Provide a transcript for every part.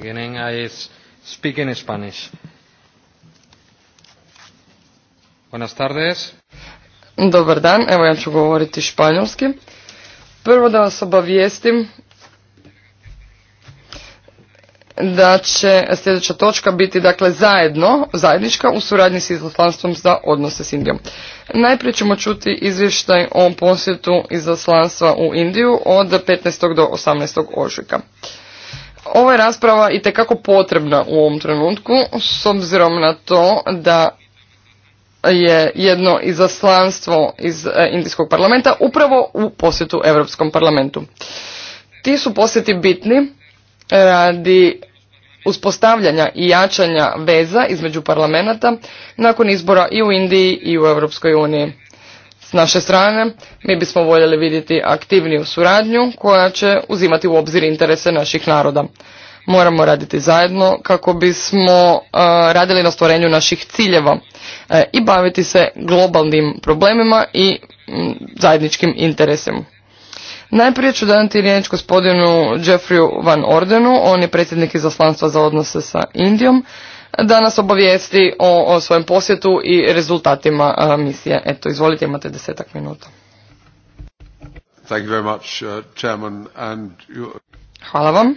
beginning. I speak Dobar dan, evo ja ću govoriti španjolski. Prvo da vas obavijestim da će sljedeća točka biti dakle zajedno, zajednička u suradnji s izaslanstvom za odnose s Indijom. Najprije ćemo čuti izvještaj o posjetu izaslanstva u Indiju od 15. do 18. ožujka. Ova je rasprava i tekako potrebna u ovom trenutku, s obzirom na to da je jedno izaslanstvo iz e, Indijskog parlamenta upravo u posjetu Europskom parlamentu. Ti su posjeti bitni radi uspostavljanja i jačanja veza između parlamenta nakon izbora i u Indiji i u Europskoj uniji. S naše strane mi bismo voljeli vidjeti aktivniju suradnju koja će uzimati u obzir interese naših naroda. Moramo raditi zajedno kako bismo e, radili na stvorenju naših ciljeva e, i baviti se globalnim problemima i zajedničkim interesima. Najprije ću dati riječ gospodinu Jeffrey Van Ordenu, on je predsjednik izaslanstva za odnose sa Indijom, da nas obavijesti o, svojem posjetu i rezultatima e, misije. Eto, izvolite, imate desetak minuta. Thank uh, Hvala vam.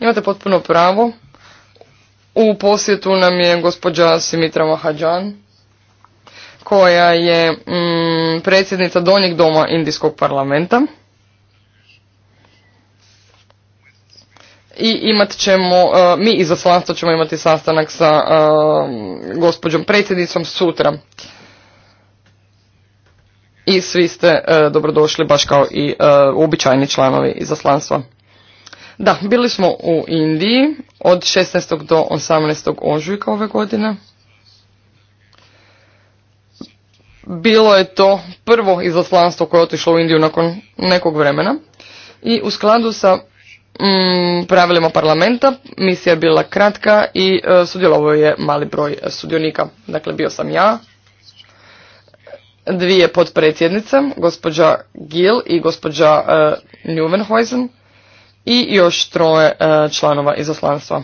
Imate potpuno pravo. U posjetu nam je gospođa Simitra Mahajan, koja je mm, predsjednica Donjeg doma Indijskog parlamenta. i imat ćemo, e, mi izaslanstvo ćemo imati sastanak sa e, gospođom predsjednicom sutra. I svi ste e, dobrodošli baš kao i uobičajeni članovi izaslanstva. Da, bili smo u Indiji od 16. do 18. ožujka ove godine. Bilo je to prvo izaslanstvo koje je otišlo u Indiju nakon nekog vremena i u skladu sa mm, pravilima parlamenta. Misija je bila kratka i e, sudjelovao je mali broj sudionika. Dakle, bio sam ja, dvije potpredsjednice, gospođa Gil i gospođa e, i još troje e, članova oslanstva.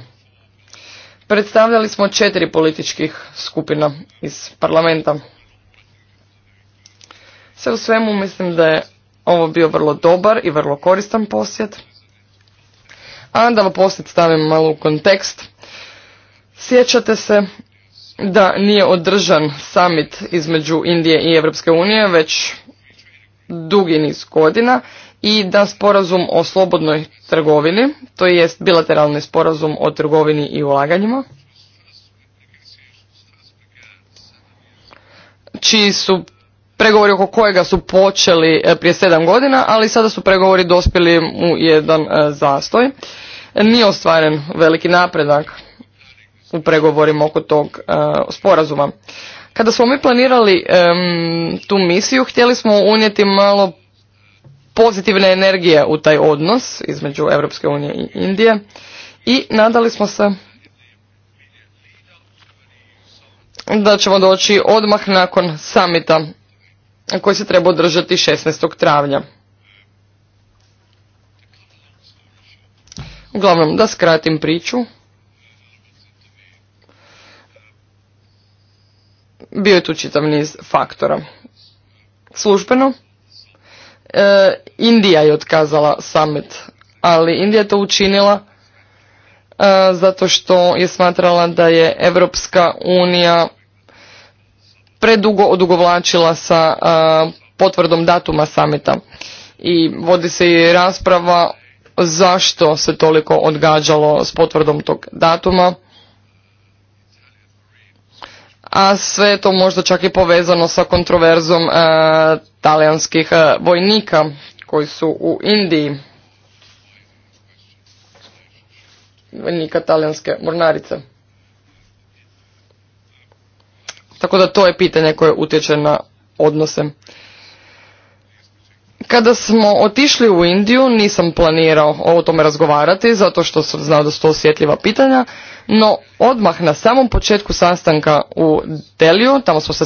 Predstavljali smo četiri političkih skupina iz parlamenta. Sve u svemu mislim da je ovo bio vrlo dobar i vrlo koristan posjet. A da vam poslije stavim malo u kontekst. Sjećate se da nije održan summit između Indije i Europske unije već dugi niz godina i da sporazum o slobodnoj trgovini, to jest bilateralni sporazum o trgovini i ulaganjima, čiji su pregovori oko kojega su počeli e, prije sedam godina, ali sada su pregovori dospjeli u jedan e, zastoj. Nije ostvaren veliki napredak u pregovorima oko tog e, sporazuma. Kada smo mi planirali tu misiju, htjeli smo unijeti malo pozitivne energije u taj odnos između Europske unije i Indije i nadali smo se da ćemo doći odmah nakon samita koji se treba održati 16. travnja. Uglavnom, da skratim priču. Bio je tu čitav niz faktora. Službeno, e, Indija je otkazala summit, ali Indija je to učinila e, zato što je smatrala da je Evropska unija predugo odugovlačila sa potvrdom datuma samita i vodi se i rasprava zašto se toliko odgađalo s potvrdom tog datuma a sve to možda čak i povezano sa kontroverzom talijanskih vojnika koji su u Indiji vojnika talijanske mornarice Tako da to je pitanje koje utječe na odnose. Kada smo otišli u Indiju, nisam planirao o tome razgovarati, zato što sam znao da su to osjetljiva pitanja, no odmah na samom početku sastanka u Deliju, tamo smo se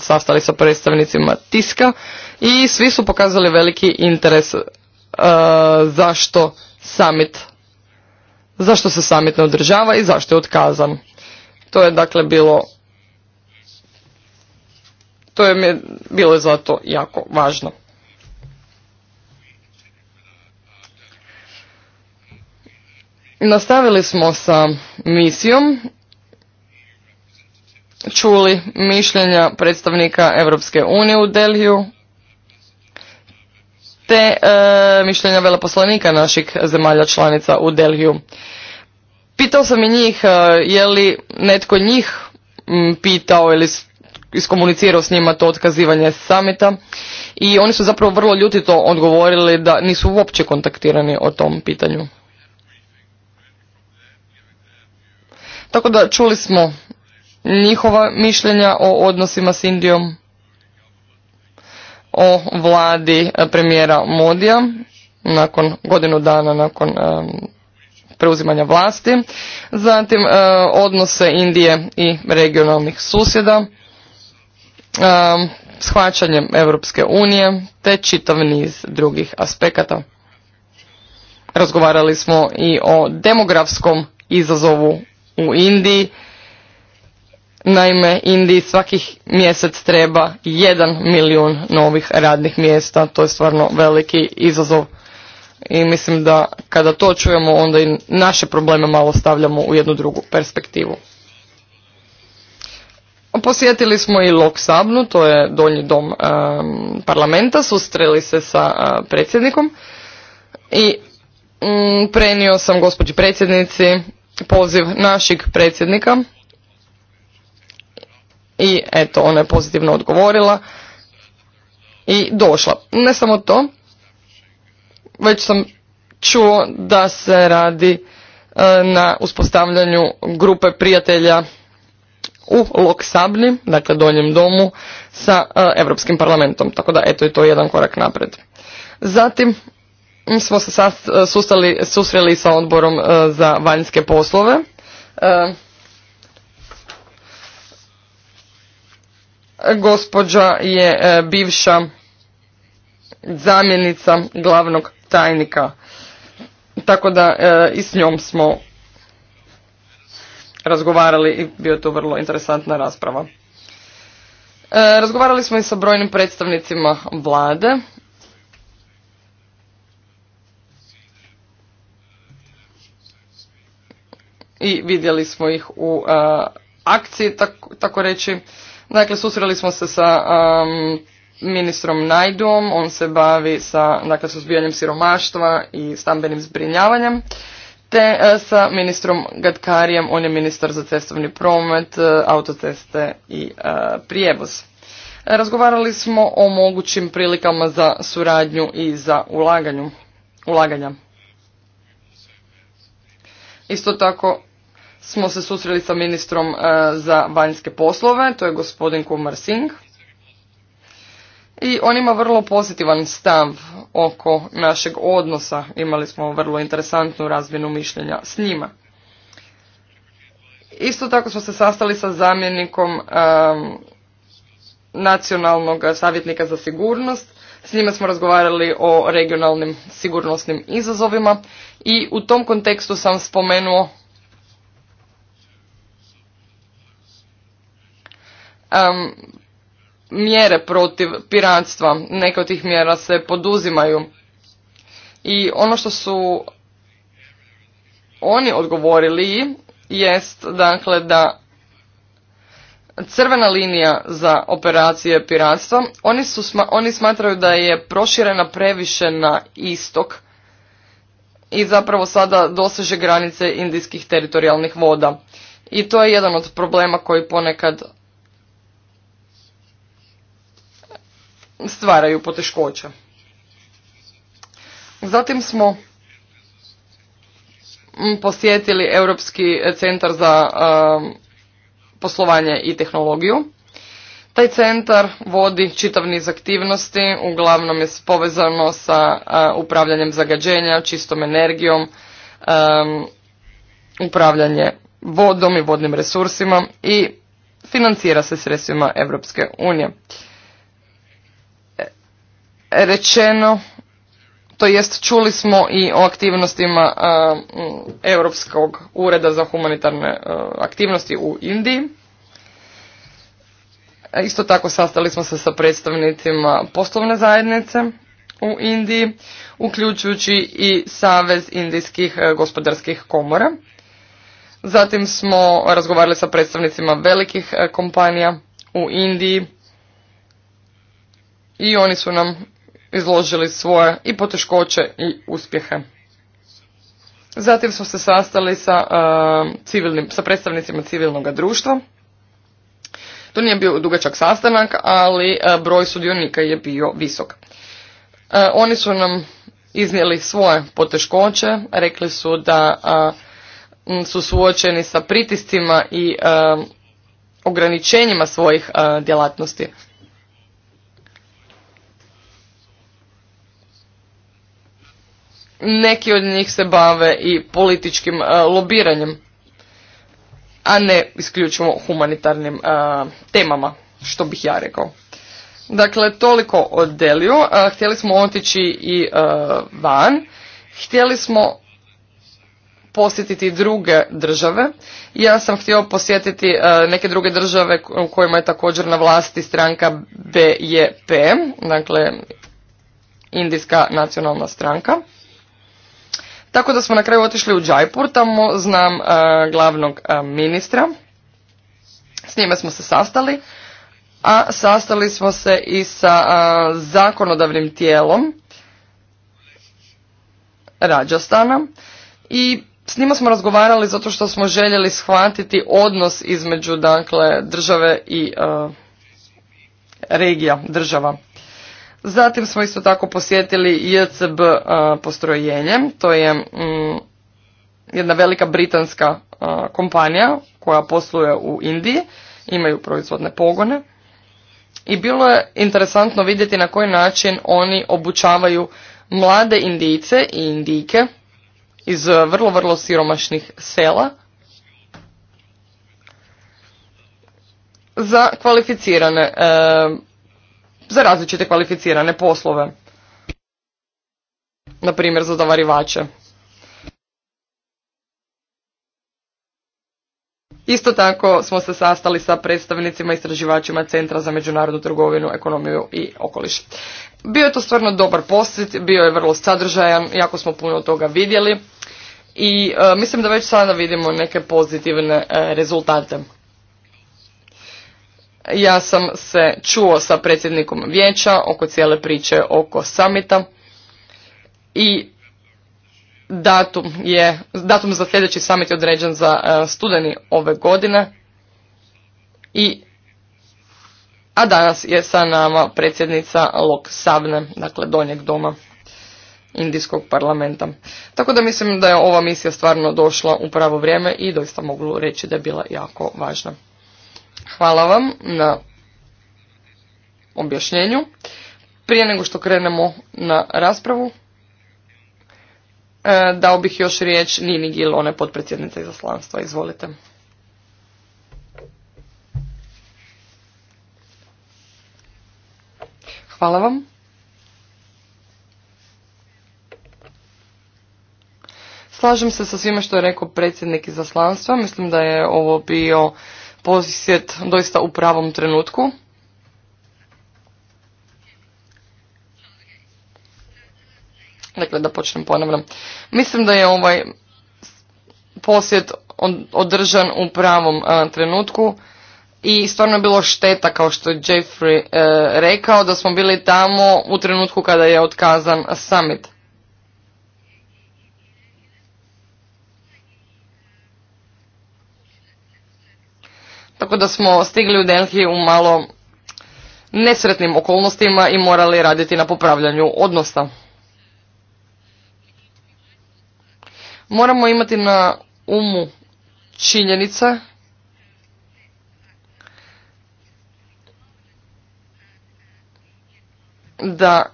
sastali sa predstavnicima tiska i svi su pokazali veliki interes uh, zašto summit, zašto se summit ne održava i zašto je otkazan. To je dakle bilo to je je bilo zato jako važno. Nastavili smo sa misijom, čuli mišljenja predstavnika Europske unije u Delhiju, te e, mišljenja veleposlanika naših zemalja članica u Delhiju. Pitao sam i njih e, je li netko njih pitao ili iskomunicirao s njima to otkazivanje samita i oni su zapravo vrlo ljutito odgovorili da nisu uopće kontaktirani o tom pitanju. Tako da čuli smo njihova mišljenja o odnosima s Indijom, o vladi eh, premijera Modija nakon godinu dana nakon preuzimanja vlasti, zatim eh, odnose Indije i regionalnih susjeda, shvaćanjem Europske unije te čitav niz drugih aspekata. Razgovarali smo i o demografskom izazovu u Indiji. Naime, Indiji svakih mjesec treba jedan milijun novih radnih mjesta. To je stvarno veliki izazov i mislim da kada to čujemo onda i naše probleme malo stavljamo u jednu drugu perspektivu. Posjetili smo i Lok Sabnu, to je donji dom parlamenta, sustreli se sa predsjednikom i prenio sam gospođi predsjednici poziv našeg predsjednika i eto, ona je pozitivno odgovorila i došla. Ne samo to, već sam čuo da se radi e, na uspostavljanju grupe prijatelja u Loksabli, dakle donjem domu, sa Europskim parlamentom. Tako da, eto, je to jedan korak napred. Zatim smo se e, sustali, susreli sa odborom e, za vanjske poslove. E, gospođa je bivša zamjenica glavnog tajnika. Tako da i s njom smo razgovarali i bio je to vrlo interesantna rasprava. E, razgovarali smo i sa brojnim predstavnicima vlade. I vidjeli smo ih u e, akciji, tako, tako reći. Dakle, susreli smo se sa ministrom Najdom, on se bavi sa dakle, suzbijanjem siromaštva i stambenim zbrinjavanjem te e, sa ministrom Gatkarijem, on je ministar za cestovni promet, e, autoceste i e, prijevoz. Razgovarali smo o mogućim prilikama za suradnju i za ulaganju, ulaganja. Isto tako smo se susreli sa ministrom za vanjske poslove, to je gospodin Kumar Singh i on ima vrlo pozitivan stav oko našeg odnosa. Imali smo vrlo interesantnu razmjenu mišljenja s njima. Isto tako smo se sastali sa zamjenikom nacionalnog savjetnika za sigurnost. S njima smo razgovarali o regionalnim sigurnosnim izazovima i u tom kontekstu sam spomenuo mjere protiv piratstva. Neke od tih mjera se poduzimaju. I ono što su oni odgovorili jest dakle da crvena linija za operacije piratstva, oni, su, oni smatraju da je proširena previše na istok i zapravo sada doseže granice indijskih teritorijalnih voda. I to je jedan od problema koji ponekad stvaraju poteškoće. Zatim smo mm, posjetili Europski centar za um, poslovanje i tehnologiju. Taj centar vodi čitav niz aktivnosti, uglavnom je povezano sa uh, upravljanjem zagađenja, čistom energijom, um, upravljanje vodom i vodnim resursima i financira se sredstvima Europske unije rečeno, to jest čuli smo i o aktivnostima e, Europskog ureda za humanitarne e, aktivnosti u Indiji. E, isto tako sastali smo se sa predstavnicima poslovne zajednice u Indiji, uključujući i Savez indijskih gospodarskih komora. Zatim smo razgovarali sa predstavnicima velikih kompanija u Indiji i oni su nam izložili svoje i poteškoće i uspjehe. Zatim smo se sastali sa, uh, civilnim, sa predstavnicima civilnog društva. To nije bio dugačak sastanak, ali uh, broj sudionika je bio visok. Uh, oni su nam iznijeli svoje poteškoće, rekli su da su suočeni sa pritiscima i ograničenjima svojih djelatnosti. Neki od njih se bave i političkim e, lobiranjem, a ne isključivo humanitarnim e, temama, što bih ja rekao. Dakle, toliko o Deliju. E, htjeli smo otići i van. Htjeli smo posjetiti druge države. Ja sam htio posjetiti neke druge države u kojima je također na vlasti stranka BJP, dakle Indijska nacionalna stranka. Tako da smo na kraju otišli u Džajpur, tamo znam e, glavnog e, ministra, s njime smo se sastali, a sastali smo se i sa e, zakonodavnim tijelom Rađastana i s njima smo razgovarali zato što smo željeli shvatiti odnos između dakle države i regija, država. Zatim smo isto tako posjetili JCB e, postrojenje, to je mm, jedna velika britanska e, kompanija koja posluje u Indiji, imaju proizvodne pogone i bilo je interesantno vidjeti na koji način oni obučavaju mlade Indijce i Indijke iz vrlo, vrlo siromašnih sela za kvalificirane e, za različite kvalificirane poslove. Na primjer za zavarivače. Isto tako smo se sastali sa predstavnicima istraživačima Centra za međunarodnu trgovinu, ekonomiju i okoliš. Bio je to stvarno dobar posjet, bio je vrlo sadržajan, jako smo puno toga vidjeli i e, mislim da već sada vidimo neke pozitivne e, rezultate. Ja sam se čuo sa predsjednikom vijeća oko cijele priče oko samita i datum je, datum za sljedeći samit je određen za e, studeni ove godine i a danas je sa nama predsjednica Lok Savne, dakle donjeg doma Indijskog parlamenta. Tako da mislim da je ova misija stvarno došla u pravo vrijeme i doista mogu reći da je bila jako važna. Hvala vam na objašnjenju. Prije nego što krenemo na raspravu, e, dao bih još riječ Nini Gil, one potpredsjednica izaslanstva. Izvolite. Hvala vam. Slažem se sa svime što je rekao predsjednik izaslanstva. Mislim da je ovo bio posjet doista u pravom trenutku. Dakle, da počnem ponavljam. Mislim da je ovaj posjet održan u pravom e, trenutku i stvarno je bilo šteta, kao što je Jeffrey e, rekao, da smo bili tamo u trenutku kada je otkazan summit. Tako da smo stigli u Delhi u malo nesretnim okolnostima i morali raditi na popravljanju odnosa. Moramo imati na umu činjenice da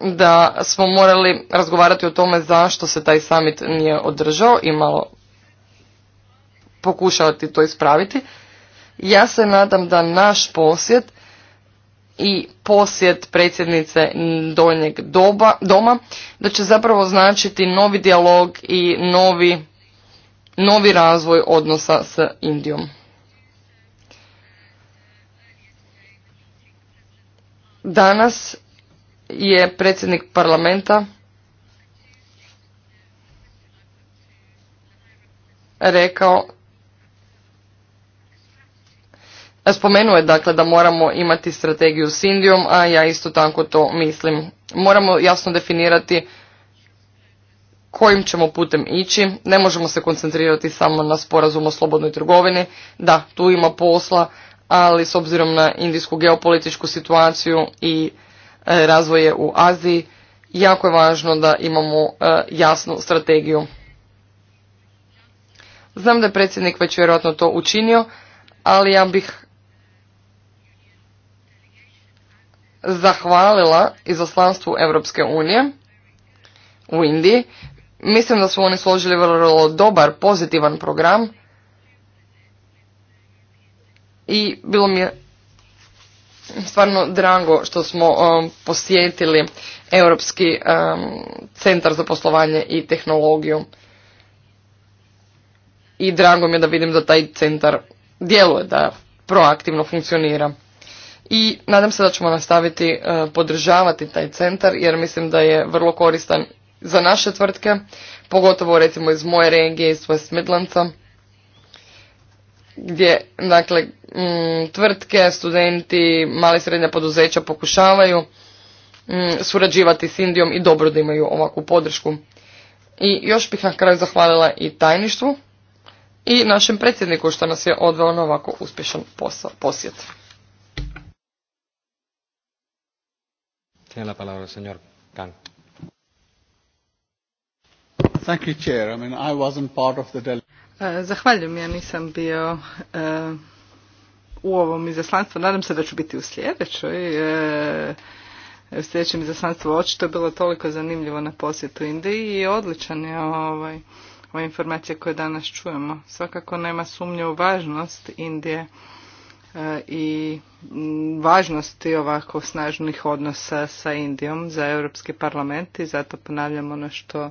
da smo morali razgovarati o tome zašto se taj summit nije održao i malo pokušati to ispraviti. Ja se nadam da naš posjet i posjet predsjednice donjeg doba, doma, da će zapravo značiti novi dijalog i novi, novi razvoj odnosa s Indijom. Danas je predsjednik parlamenta rekao Spomenuo je dakle da moramo imati strategiju s Indijom, a ja isto tako to mislim. Moramo jasno definirati kojim ćemo putem ići, ne možemo se koncentrirati samo na sporazum o slobodnoj trgovini, da, tu ima posla, ali s obzirom na indijsku geopolitičku situaciju i E, razvoje u Aziji, jako je važno da imamo e, jasnu strategiju. Znam da je predsjednik već vjerojatno to učinio, ali ja bih zahvalila izaslanstvu Europske unije u Indiji. Mislim da su oni složili vrlo dobar, pozitivan program i bilo mi je stvarno drago što smo um, posjetili Europski um, centar za poslovanje i tehnologiju. I drago mi je da vidim da taj centar djeluje, da proaktivno funkcionira. I nadam se da ćemo nastaviti uh, podržavati taj centar jer mislim da je vrlo koristan za naše tvrtke, pogotovo recimo iz moje regije, iz West Midlandsa gdje dakle, mm, tvrtke, studenti, male i srednja poduzeća pokušavaju mm, surađivati s Indijom i dobro da imaju ovakvu podršku. I još bih na kraju zahvalila i tajništvu i našem predsjedniku što nas je odveo na ovako uspješan posao, posjet. señor Thank you, Chair. I mean, wasn't part of the E, zahvaljujem, ja nisam bio e, u ovom izaslanstvu, nadam se da ću biti u sljedećoj. E, u sljedećem izaslanstvu očito je bilo toliko zanimljivo na posjetu Indiji i odličan je ovaj, ova informacije koje danas čujemo. Svakako nema sumnje u važnost Indije i važnosti ovako snažnih odnosa sa Indijom za Europski parlament i zato ponavljam ono što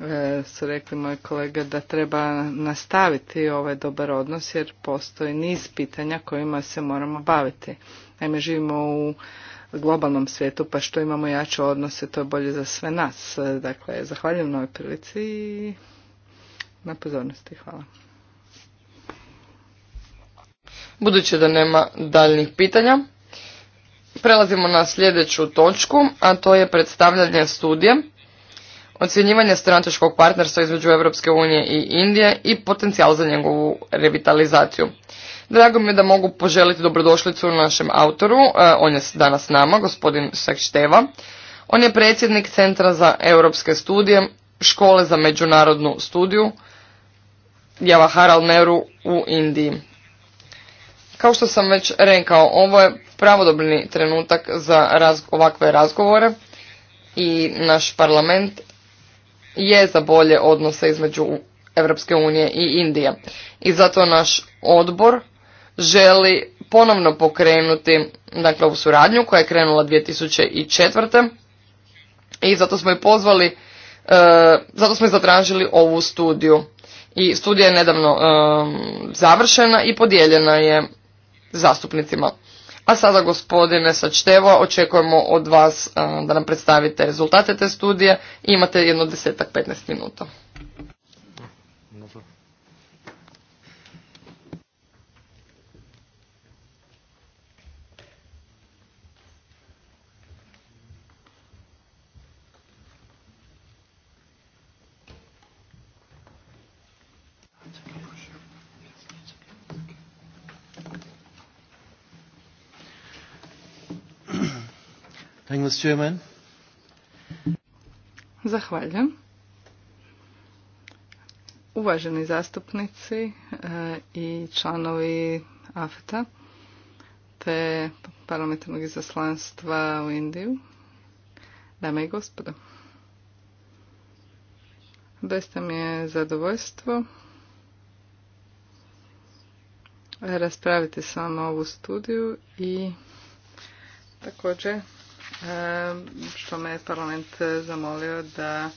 E, su rekli moji kolege da treba nastaviti ovaj dobar odnos jer postoji niz pitanja kojima se moramo baviti. Naime, živimo u globalnom svijetu pa što imamo jače odnose to je bolje za sve nas. E, dakle, zahvaljujem na ovoj prilici i na pozornosti. Hvala. Budući da nema daljnih pitanja, prelazimo na sljedeću točku, a to je predstavljanje studije ocjenjivanje strateškog partnerstva između Europske unije i Indije i potencijal za njegovu revitalizaciju. Drago mi je da mogu poželiti dobrodošlicu našem autoru, e, on je danas s nama, gospodin Sakšteva, On je predsjednik Centra za europske studije, škole za međunarodnu studiju, Javaharal Meru u Indiji. Kao što sam već rekao, ovo je pravodobni trenutak za ovakve razgovore i naš parlament je za bolje odnose između Europske unije i Indije. I zato naš odbor želi ponovno pokrenuti dakle, ovu suradnju koja je krenula 2004. I zato smo i pozvali, e, zato smo i zatražili ovu studiju. I studija je nedavno e, završena i podijeljena je zastupnicima. A sada gospodine sačtevo, očekujemo od vas eh, da nam predstavite rezultate te studije. Imate jedno desetak, 15 minuta. Zahvaljujem. Uvaženi zastupnici e, i članovi AFETA te parlamentarnog izaslanstva u Indiju, dame i gospodo. Doista mi je zadovoljstvo raspraviti s ovu studiju i također E, što me je parlament zamolio da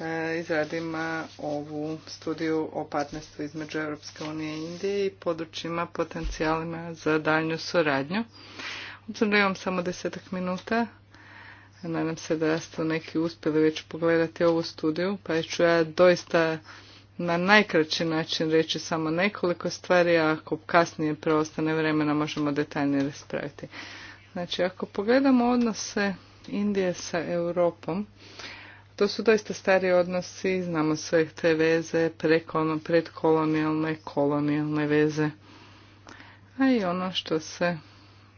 e, izradim e, ovu studiju o partnerstvu između Europske unije i Indije i područjima potencijalima za daljnju suradnju. Obzirom da imam samo desetak minuta, nadam se da ste neki uspjeli već pogledati ovu studiju, pa ću ja doista na najkraći način reći samo nekoliko stvari, a ako kasnije preostane vremena možemo detaljnije raspraviti. Znači, ako pogledamo odnose Indije sa Europom, to su doista stari odnosi, znamo sve te veze, predkolonijalne, kolonijalne veze, a i ono što se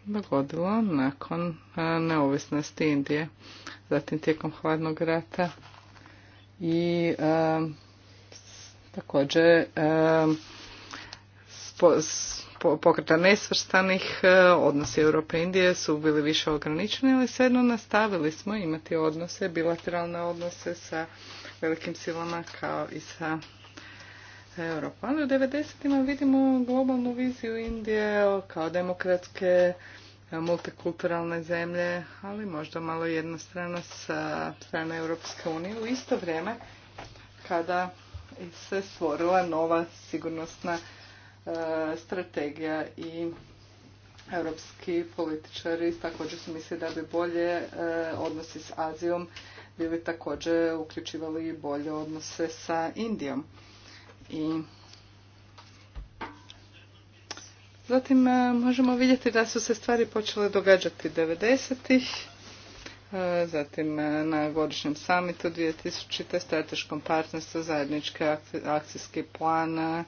dogodilo nakon neovisnosti Indije, zatim tijekom hladnog rata i također pokreta nesvrstanih, e, odnosi Europe i Indije su bili više ograničeni, ali jedno nastavili smo imati odnose, bilateralne odnose sa velikim silama kao i sa Europom. Ali u 90 vidimo globalnu viziju Indije kao demokratske e, multikulturalne zemlje, ali možda malo jednostrano sa strane Europske unije u isto vrijeme kada se stvorila nova sigurnosna E, strategija i europski političari također su mislili da bi bolje e, odnosi s Azijom bili također uključivali i bolje odnose sa Indijom. I Zatim e, možemo vidjeti da su se stvari počele događati 90-ih, zatim na godišnjem samitu 2000. strateškom partnerstvu zajednički akcijski plan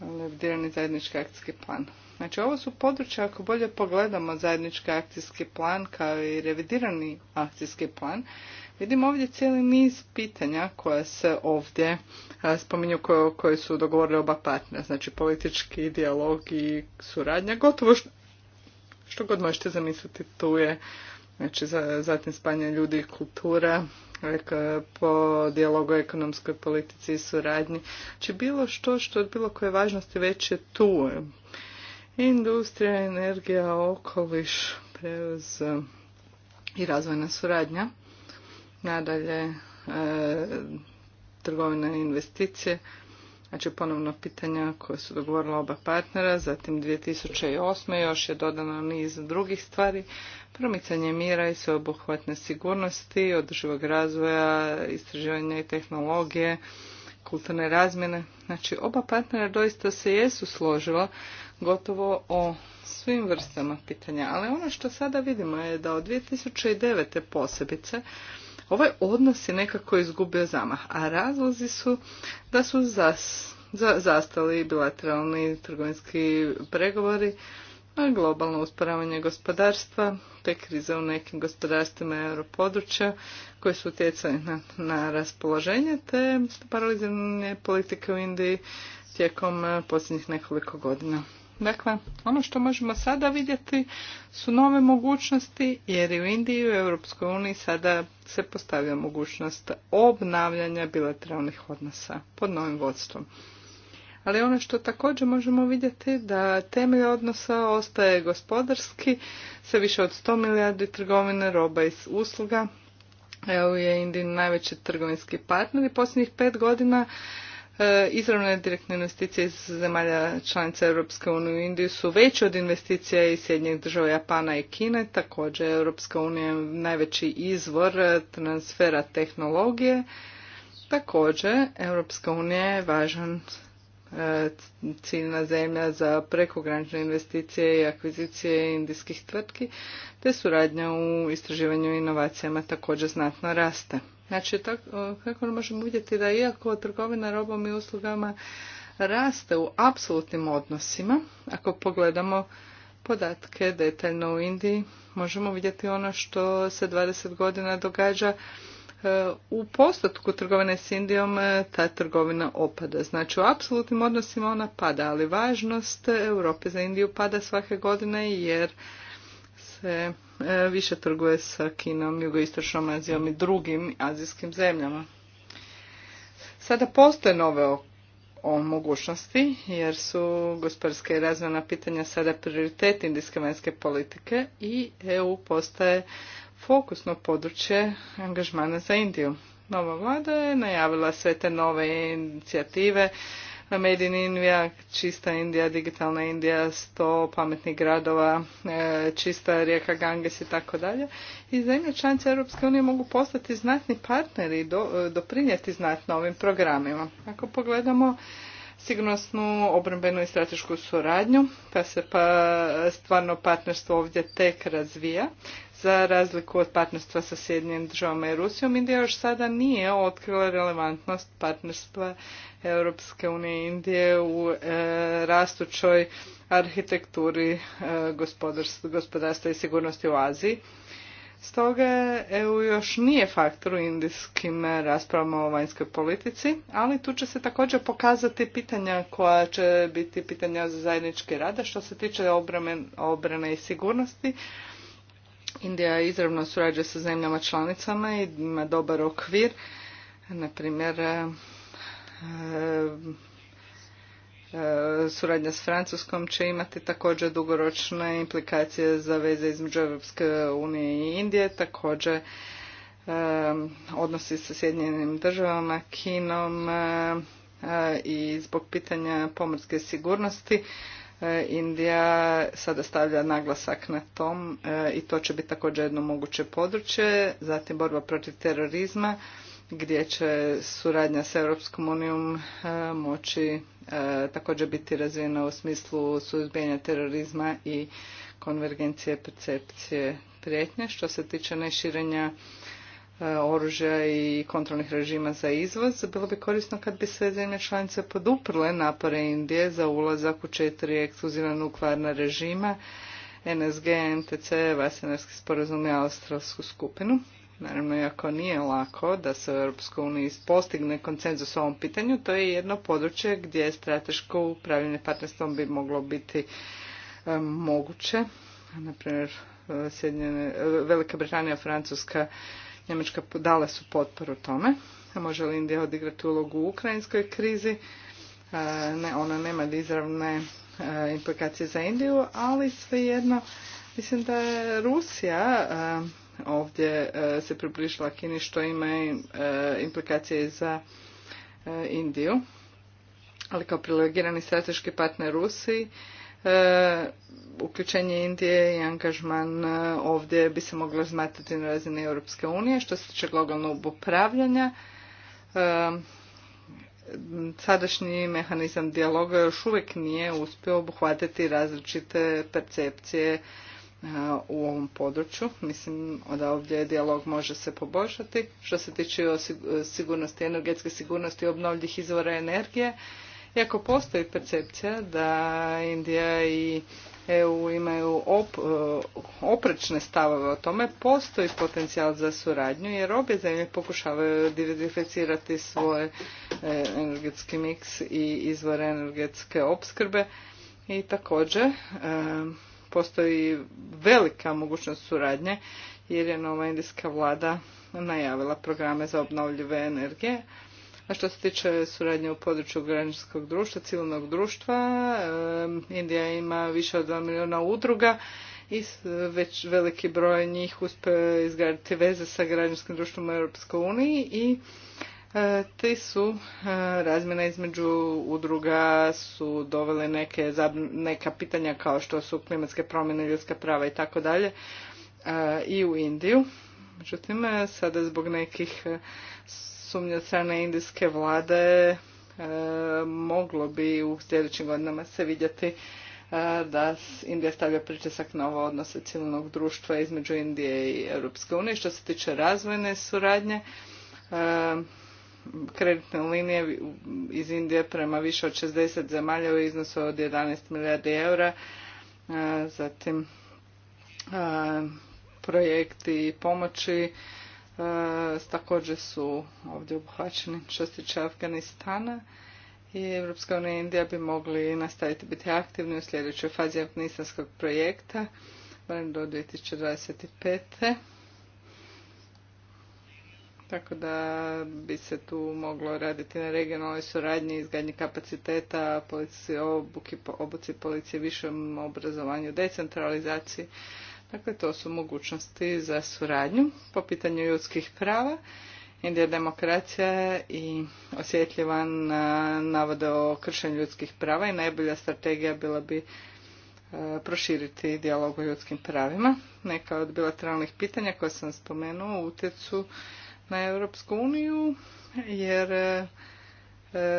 revidirani zajednički akcijski plan. Znači ovo su područja ako bolje pogledamo zajednički akcijski plan kao i revidirani akcijski plan, vidimo ovdje cijeli niz pitanja koja se ovdje spominju koje, su dogovorili oba partnera, znači politički dijalog i suradnja, gotovo što, što god možete zamisliti tu je Znači, zatim spanje ljudi i kultura, e, po dijalogu ekonomskoj politici i suradnji. Znači, bilo što što od bilo koje važnosti već je tu. Industrija, energija, okoliš, prevoz e, i razvojna suradnja. Nadalje, e, trgovina i investicije. Znači ponovno pitanja koje su dogovorila oba partnera, zatim 2008. još je dodano niz drugih stvari, promicanje mira i sveobuhvatne sigurnosti, održivog razvoja, istraživanja i tehnologije, kulturne razmjene. Znači oba partnera doista se jesu složila gotovo o svim vrstama pitanja, ali ono što sada vidimo je da od 2009. posebice Ovaj odnos je nekako izgubio zamah, a razlozi su da su zastali bilateralni trgovinski pregovori, a globalno usporavanje gospodarstva, te krize u nekim gospodarstvima europodručja koje su utjecali na, na raspoloženje, te paralizirane politike u Indiji tijekom eh, posljednjih nekoliko godina. Dakle, ono što možemo sada vidjeti su nove mogućnosti jer i u Indiji i u Europskoj uniji sada se postavlja mogućnost obnavljanja bilateralnih odnosa pod novim vodstvom. Ali ono što također možemo vidjeti da temelj odnosa ostaje gospodarski sa više od 100 milijardi trgovine roba i usluga. EU je Indijin najveći trgovinski partner i posljednjih pet godina E, izravne direktne investicije iz zemalja članica Europske unije u Indiju su veće od investicija iz Sjedinjenih država Japana i Kine. Također Europska unija je najveći izvor transfera tehnologije. Također Europska unija je važan e, ciljna zemlja za prekogranične investicije i akvizicije indijskih tvrtki, te suradnja u istraživanju i inovacijama također znatno raste. Znači, kako možemo vidjeti da iako trgovina robom i uslugama raste u apsolutnim odnosima, ako pogledamo podatke detaljno u Indiji, možemo vidjeti ono što se 20 godina događa e, u postotku trgovine s Indijom e, ta trgovina opada. Znači u apsolutnim odnosima ona pada, ali važnost Europe za Indiju pada svake godine jer se E, više trguje sa Kinom, Jugoistočnom Azijom i drugim azijskim zemljama. Sada postoje nove mogućnosti jer su gospodarske i razvojna pitanja sada prioritet indijske vanjske politike i EU postaje fokusno područje angažmana za Indiju. Nova vlada je najavila sve te nove inicijative Made in India, Čista Indija, Digitalna Indija, sto pametnih gradova, e, Čista rijeka Ganges i tako dalje. I zemlje članice Europske unije mogu postati znatni partneri i e, doprinijeti znatno ovim programima. Ako pogledamo sigurnosnu, obrambenu i stratešku suradnju, pa se pa stvarno partnerstvo ovdje tek razvija. Za razliku od partnerstva sa Sjedinjenim državama i Rusijom, Indija još sada nije otkrila relevantnost partnerstva Europske unije i Indije u e, rastućoj arhitekturi e, gospodarstva i sigurnosti u Aziji. Stoga EU još nije faktor u indijskim raspravama o vanjskoj politici, ali tu će se također pokazati pitanja koja će biti pitanja za zajednički rada što se tiče obrane i sigurnosti Indija izravno surađuje sa zemljama članicama i ima dobar okvir. Naprimjer, e, e, suradnja s Francuskom će imati također dugoročne implikacije za veze između Europske unije i Indije. Također, e, odnosi sa Sjedinjenim državama, Kinom e, i zbog pitanja pomorske sigurnosti E, Indija sada stavlja naglasak na tom e, i to će biti također jedno moguće područje. Zatim borba protiv terorizma gdje će suradnja s Europskom unijom e, moći također biti razvijena u smislu suzbijanja terorizma i konvergencije percepcije prijetnje. Što se tiče neširenja E, oružja i kontrolnih režima za izvoz, bilo bi korisno kad bi sve zemlje članice poduprle napore Indije za ulazak u četiri ekskluzivna nuklearna režima, NSG, NTC, Vasenarski sporazum i Australsku skupinu. Naravno, iako nije lako da se u EU postigne konsenzus o ovom pitanju, to je jedno područje gdje strateško upravljanje partnerstvom bi moglo biti na e, moguće. Naprimjer, e, Velika Britanija, Francuska, Njemačka dala su potporu tome. Može li Indija odigrati ulogu u ukrajinskoj krizi? E, ne, ona nema izravne e, implikacije za Indiju, ali svejedno mislim da je Rusija e, ovdje se približila Kini što ima implikacije za Indiju. Ali kao privilegirani strateški partner Rusiji E, uključenje Indije i angažman e, ovdje bi se moglo razmatrati na razini Europske unije. Što se tiče globalnog upravljanja, e, sadašnji mehanizam dijaloga još uvijek nije uspio obuhvatiti različite percepcije u ovom području. Mislim da ovdje dijalog može se poboljšati. Što se tiče sigurnosti, energetske sigurnosti i obnovljivih izvora energije, iako postoji percepcija da Indija i EU imaju e, oprečne stavove o tome, postoji potencijal za suradnju jer obje zemlje pokušavaju diversificirati svoje e, energetski miks i izvore energetske opskrbe i također e, postoji velika mogućnost suradnje jer je nova indijska vlada najavila programe za obnovljive energije a što se tiče suradnje u području građanskog društva, civilnog društva, Indija ima više od 2 milijuna udruga i već veliki broj njih uspje izgraditi veze sa građanskim društvom u Europskoj uniji i e, te su e, razmjena između udruga su dovele neke, neka pitanja kao što su klimatske promjene, ljudska prava i tako dalje e, i u Indiju. Međutim, sada zbog nekih sumnje od strane indijske vlade e, moglo bi u sljedećim godinama se vidjeti e, da Indija stavlja pritisak na ovo odnose civilnog društva između Indije i Europske unije. Što se tiče razvojne suradnje, e, kreditne linije iz Indije prema više od 60 zemalja u iznosu od 11 milijardi eura, zatim projekti i pomoći E, također su ovdje obuhvaćeni što se tiče Afganistana i Europska unija i Indija bi mogli nastaviti biti aktivni u sljedećoj fazi afganistanskog projekta do 2025. Tako da bi se tu moglo raditi na regionalnoj suradnji, izgradnji kapaciteta, policije, obuci policije, višem obrazovanju, decentralizaciji Dakle, to su mogućnosti za suradnju po pitanju ljudskih prava. Indija demokracija i osjetljiva na navode o kršenju ljudskih prava i najbolja strategija bila bi e, proširiti dijalog o ljudskim pravima. Neka od bilateralnih pitanja koje sam spomenuo utjecu na Europsku uniju, jer e,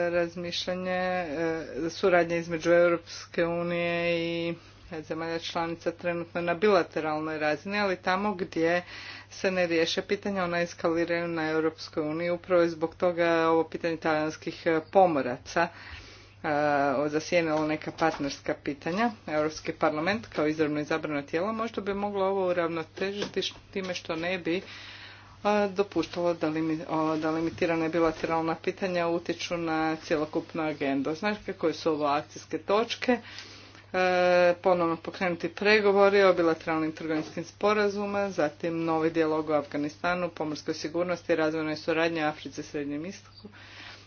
razmišljanje e, suradnje između Europske unije i zemalja članica trenutno na bilateralnoj razini, ali tamo gdje se ne riješe pitanja, ona eskaliraju na Europskoj uniji. Upravo je zbog toga ovo pitanje talijanskih e, pomoraca e, zasijenilo neka partnerska pitanja. Europski parlament kao izravno izabrano tijelo možda bi moglo ovo uravnotežiti time što ne bi e, dopuštalo da limitirane bilateralna pitanja utječu na cjelokupnu agendu. Znaš koje su ovo akcijske točke? E, ponovno pokrenuti pregovori o bilateralnim trgovinskim sporazuma, zatim novi dijalog u Afganistanu, pomorskoj sigurnosti, razvojnoj suradnji Africi, Srednjem istoku,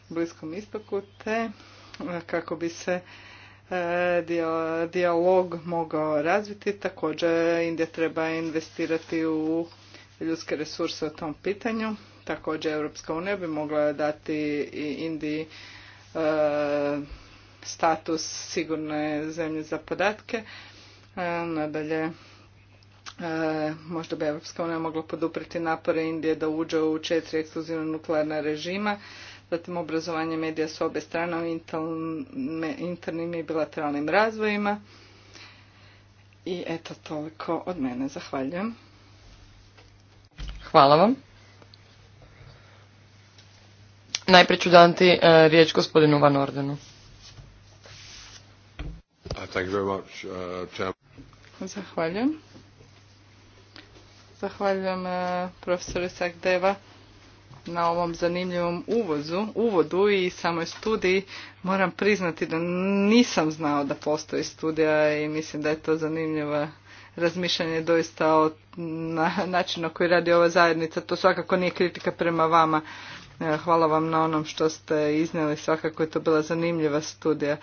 Bliskom istoku, te e, kako bi se e, dijalog mogao razviti. Također Indija treba investirati u ljudske resurse o tom pitanju. Također Europska unija bi mogla dati i Indiji status sigurne zemlje za podatke. E, nadalje, e, možda bi Europska unija mogla podupriti napore Indije da uđe u četiri ekskluzivna nuklearna režima, zatim obrazovanje medija s obe strane u internim i bilateralnim razvojima. I eto toliko od mene. Zahvaljujem. Hvala vam. Najprije ću dati e, riječ gospodinu Van Ordenu. Uh, uh, Zahvaljujem. Uh, profesoru Sakdeva na ovom zanimljivom uvozu, uvodu i samoj studiji. Moram priznati da nisam znao da postoji studija i mislim da je to zanimljivo razmišljanje doista o na, na koji radi ova zajednica. To svakako nije kritika prema vama. Hvala vam na onom što ste iznijeli. Svakako je to bila zanimljiva studija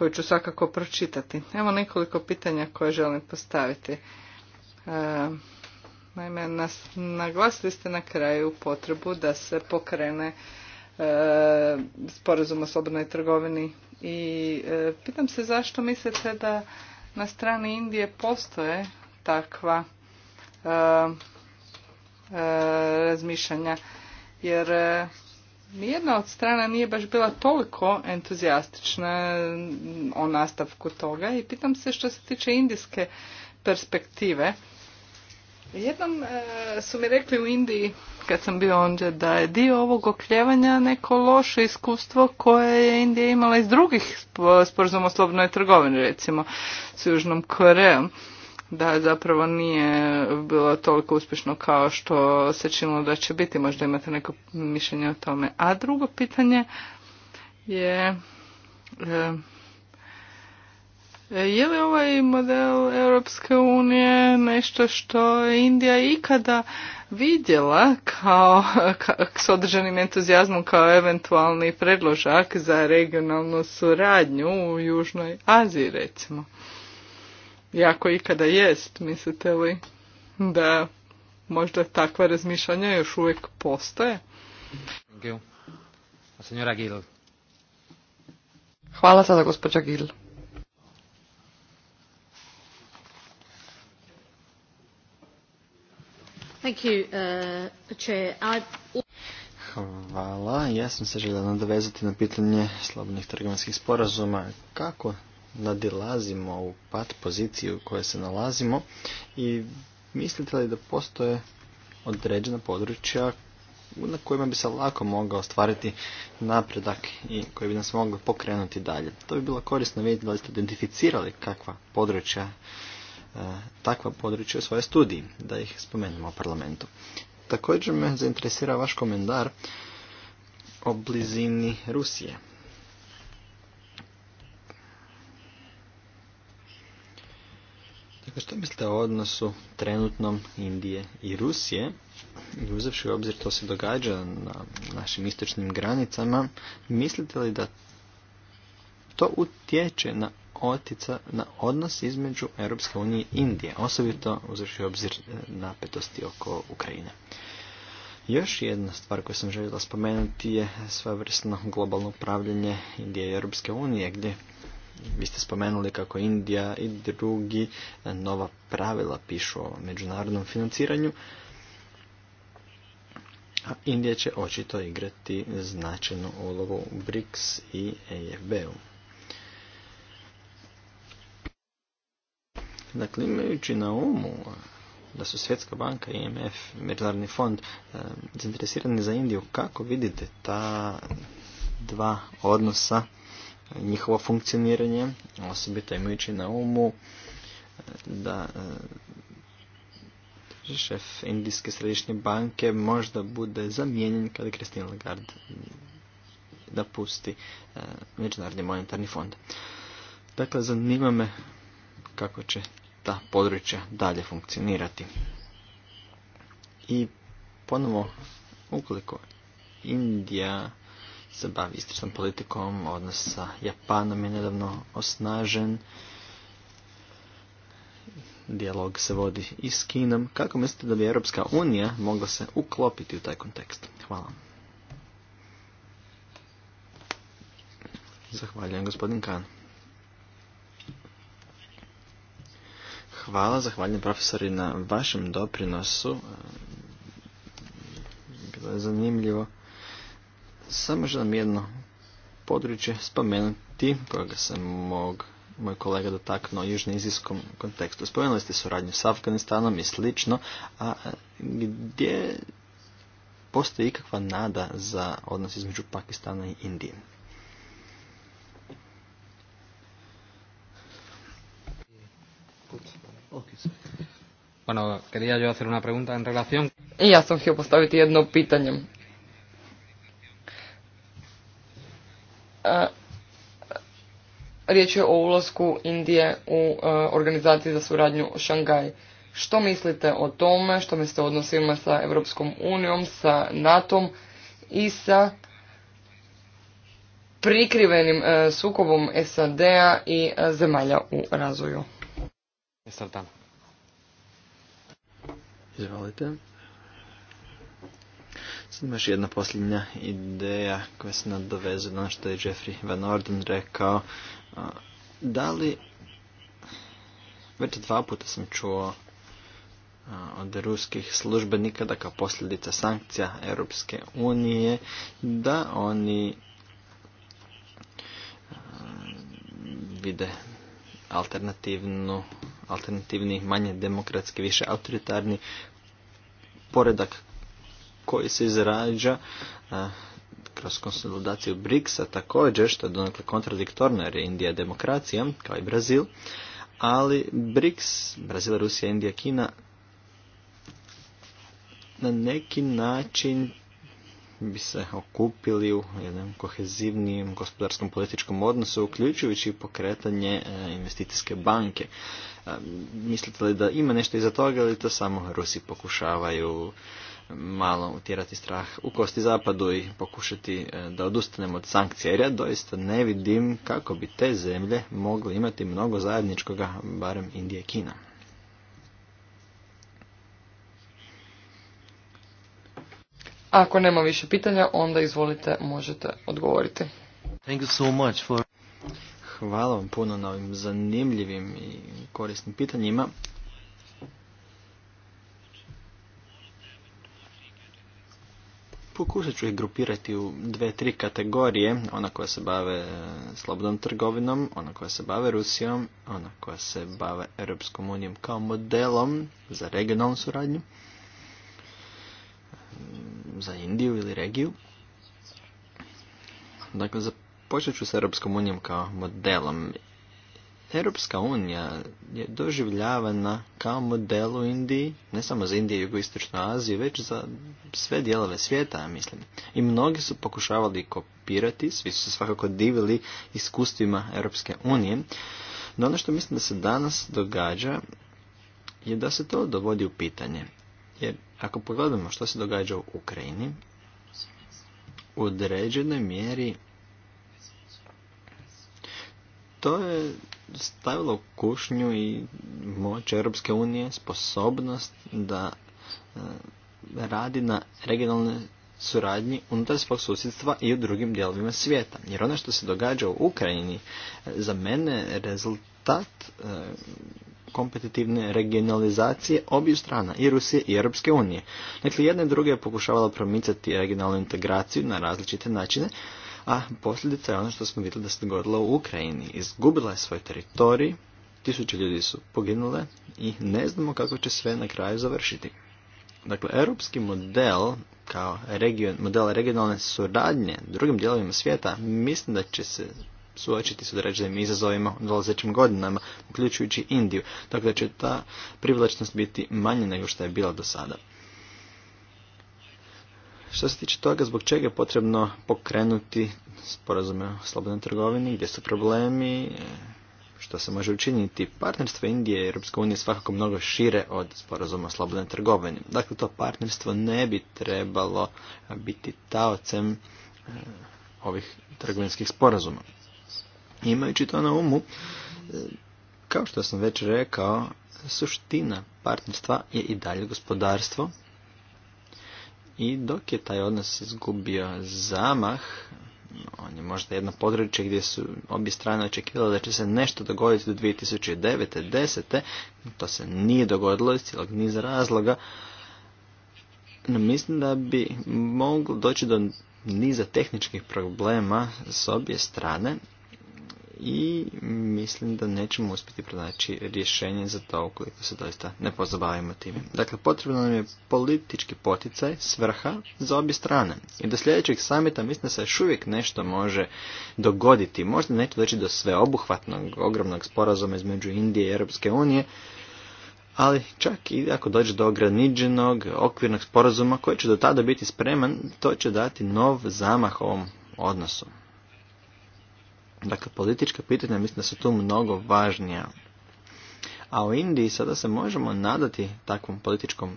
koju ću svakako pročitati. Evo nekoliko pitanja koje želim postaviti. E, naime, nas, naglasili ste na kraju potrebu da se pokrene e, sporazum o slobodnoj trgovini i e, pitam se zašto mislite da na strani Indije postoje takva e, e razmišljanja jer nijedna od strana nije baš bila toliko entuzijastična mm, o nastavku toga i pitam se što se tiče indijske perspektive. Jednom e, su mi rekli u Indiji, kad sam bio ondje, da je dio ovog okljevanja neko loše iskustvo koje je Indija imala iz drugih sporazuma trgovini, recimo s Južnom Korejom da zapravo nije bilo toliko uspješno kao što se činilo da će biti. Možda imate neko mišljenje o tome. A drugo pitanje je... E, je li ovaj model Europske unije nešto što je Indija ikada vidjela kao, s određenim entuzijazmom kao eventualni predložak za regionalnu suradnju u Južnoj Aziji recimo? I kada ikada jest, mislite li da možda takva razmišljanja još uvijek postoje? Hvala sada gospođa Gil. Uh, Hvala. Ja sam se željela nadovezati na pitanje slobodnih trgovinskih sporazuma. Kako nadilazimo u pat poziciju u kojoj se nalazimo i mislite li da postoje određena područja na kojima bi se lako mogao ostvariti napredak i koji bi nas mogli pokrenuti dalje. To bi bilo korisno vidjeti da li ste identificirali kakva područja, e, takva područja u svojoj studiji, da ih spomenemo u parlamentu. Također me zainteresira vaš komentar o blizini Rusije. Dakle, što mislite o odnosu trenutnom Indije i Rusije? I uzavši u obzir to se događa na našim istočnim granicama, mislite li da to utječe na otica na odnos između Europske unije i Indije, osobito uzavši u obzir e, napetosti oko Ukrajine. Još jedna stvar koju sam željela spomenuti je svojevrsno globalno upravljanje Indije i Europske unije, gdje vi ste spomenuli kako Indija i drugi e, nova pravila pišu o međunarodnom financiranju. A Indija će očito igrati značajnu ulogu u BRICS i EFB-u. Dakle, imajući na umu e, da su Svjetska banka, IMF, Međunarodni fond e, zainteresirani za Indiju, kako vidite ta dva odnosa njihovo funkcioniranje, osobito imajući na umu e, da e, šef Indijske središnje banke možda bude zamijenjen kada Christine Lagarde napusti e, Međunarodni monetarni fond. Dakle, zanima me kako će ta područja dalje funkcionirati. I ponovo, ukoliko Indija se bavi istočnom politikom, odnos sa Japanom je nedavno osnažen. Dijalog se vodi i s Kinom. Kako mislite da bi Europska unija mogla se uklopiti u taj kontekst? Hvala. Zahvaljujem gospodin Kan. Hvala, zahvaljujem profesori na vašem doprinosu. Bilo je zanimljivo samo želim jedno područje spomenuti, kojega se mog, moj kolega dotaknuo u južno-izijskom kontekstu. Spomenuli ste suradnju s Afganistanom i slično, a gdje postoji ikakva nada za odnos između Pakistana i Indije? Bueno, quería yo hacer una pregunta en relación... Ja sam htio postaviti jedno pitanje E, riječ je o ulasku Indije u e, organizaciji za suradnju Šangaj. Što mislite o tome, što mislite o odnosima sa Europskom unijom, sa NATO-om i sa prikrivenim e, sukobom SAD-a i zemalja u razvoju? Izvolite. Sad imaš jedna posljednja ideja koja se nadovezuje na ono što je Jeffrey Van Orden rekao. Da li, već dva puta sam čuo od ruskih službenika da kao posljedica sankcija Europske unije da oni vide alternativnu alternativni, manje demokratski, više autoritarni poredak koji se izrađa kroz konsolidaciju BRICS-a također, što je donekle kontradiktorno jer je Indija demokracija, kao i Brazil, ali BRICS, Brazil, Rusija, Indija, Kina, na neki način bi se okupili u jednom kohezivnijem gospodarskom političkom odnosu, uključujući pokretanje e, investicijske banke. E, mislite li da ima nešto iza toga ili to samo Rusi pokušavaju malo utjerati strah u kosti zapadu i pokušati e, da odustanemo od sankcija. ja doista ne vidim kako bi te zemlje mogle imati mnogo zajedničkoga, barem Indije i Kina. Ako nema više pitanja, onda izvolite, možete odgovoriti. Thank you so much for... Hvala vam puno na ovim zanimljivim i korisnim pitanjima. Pokušat ću ih grupirati u dve, tri kategorije. Ona koja se bave e, slobodnom trgovinom, ona koja se bave Rusijom, ona koja se bave Europskom unijom kao modelom za regionalnu suradnju, e, za Indiju ili regiju. Dakle, započet ću sa Europskom unijom kao modelom. Europska unija je doživljavana kao model u Indiji, ne samo za Indiju i jugoistočnu Aziju, već za sve dijelove svijeta, mislim. I mnogi su pokušavali kopirati, svi su se svakako divili iskustvima Europske unije. No ono što mislim da se danas događa je da se to dovodi u pitanje. Jer ako pogledamo što se događa u Ukrajini, u određenoj mjeri to je stavila u kušnju i moć Europske unije, sposobnost da e, radi na regionalne suradnji unutar svog susjedstva i u drugim dijelovima svijeta. Jer ono što se događa u Ukrajini e, za mene rezultat e, kompetitivne regionalizacije obiju strana, i Rusije i Europske unije. Dakle, jedna i druga je pokušavala promicati regionalnu integraciju na različite načine, a posljedica je ono što smo vidjeli da se dogodilo u Ukrajini. Izgubila je svoj teritorij, tisuće ljudi su poginule i ne znamo kako će sve na kraju završiti. Dakle, europski model kao region, model regionalne suradnje drugim dijelovima svijeta mislim da će se suočiti s određenim izazovima u dolazećim godinama, uključujući Indiju, tako da će ta privlačnost biti manja nego što je bila do sada. Što se tiče toga zbog čega je potrebno pokrenuti sporazume o slobodnoj trgovini, gdje su problemi, e, što se može učiniti, partnerstvo Indije i Europske unije svakako mnogo šire od sporazuma o slobodnoj trgovini. Dakle, to partnerstvo ne bi trebalo biti taocem e, ovih trgovinskih sporazuma. Imajući to na umu, e, kao što sam već rekao, suština partnerstva je i dalje gospodarstvo, i dok je taj odnos izgubio zamah, on je možda jedno područje gdje su obje strane očekivali da će se nešto dogoditi do 2009. 10. To se nije dogodilo iz cijelog niza razloga. mislim da bi moglo doći do niza tehničkih problema s obje strane i mislim da nećemo uspjeti pronaći rješenje za to ukoliko se doista ne pozabavimo time. Dakle, potrebno nam je politički poticaj, svrha za obje strane. I do sljedećeg samita mislim da se još uvijek nešto može dogoditi. Možda neće doći do sveobuhvatnog, ogromnog sporazuma između Indije i Europske unije, ali čak i ako dođe do ograničenog okvirnog sporazuma koji će do tada biti spreman, to će dati nov zamah ovom odnosu. Dakle, politička pitanja mislim da su tu mnogo važnija. A u Indiji sada se možemo nadati takvom političkom e,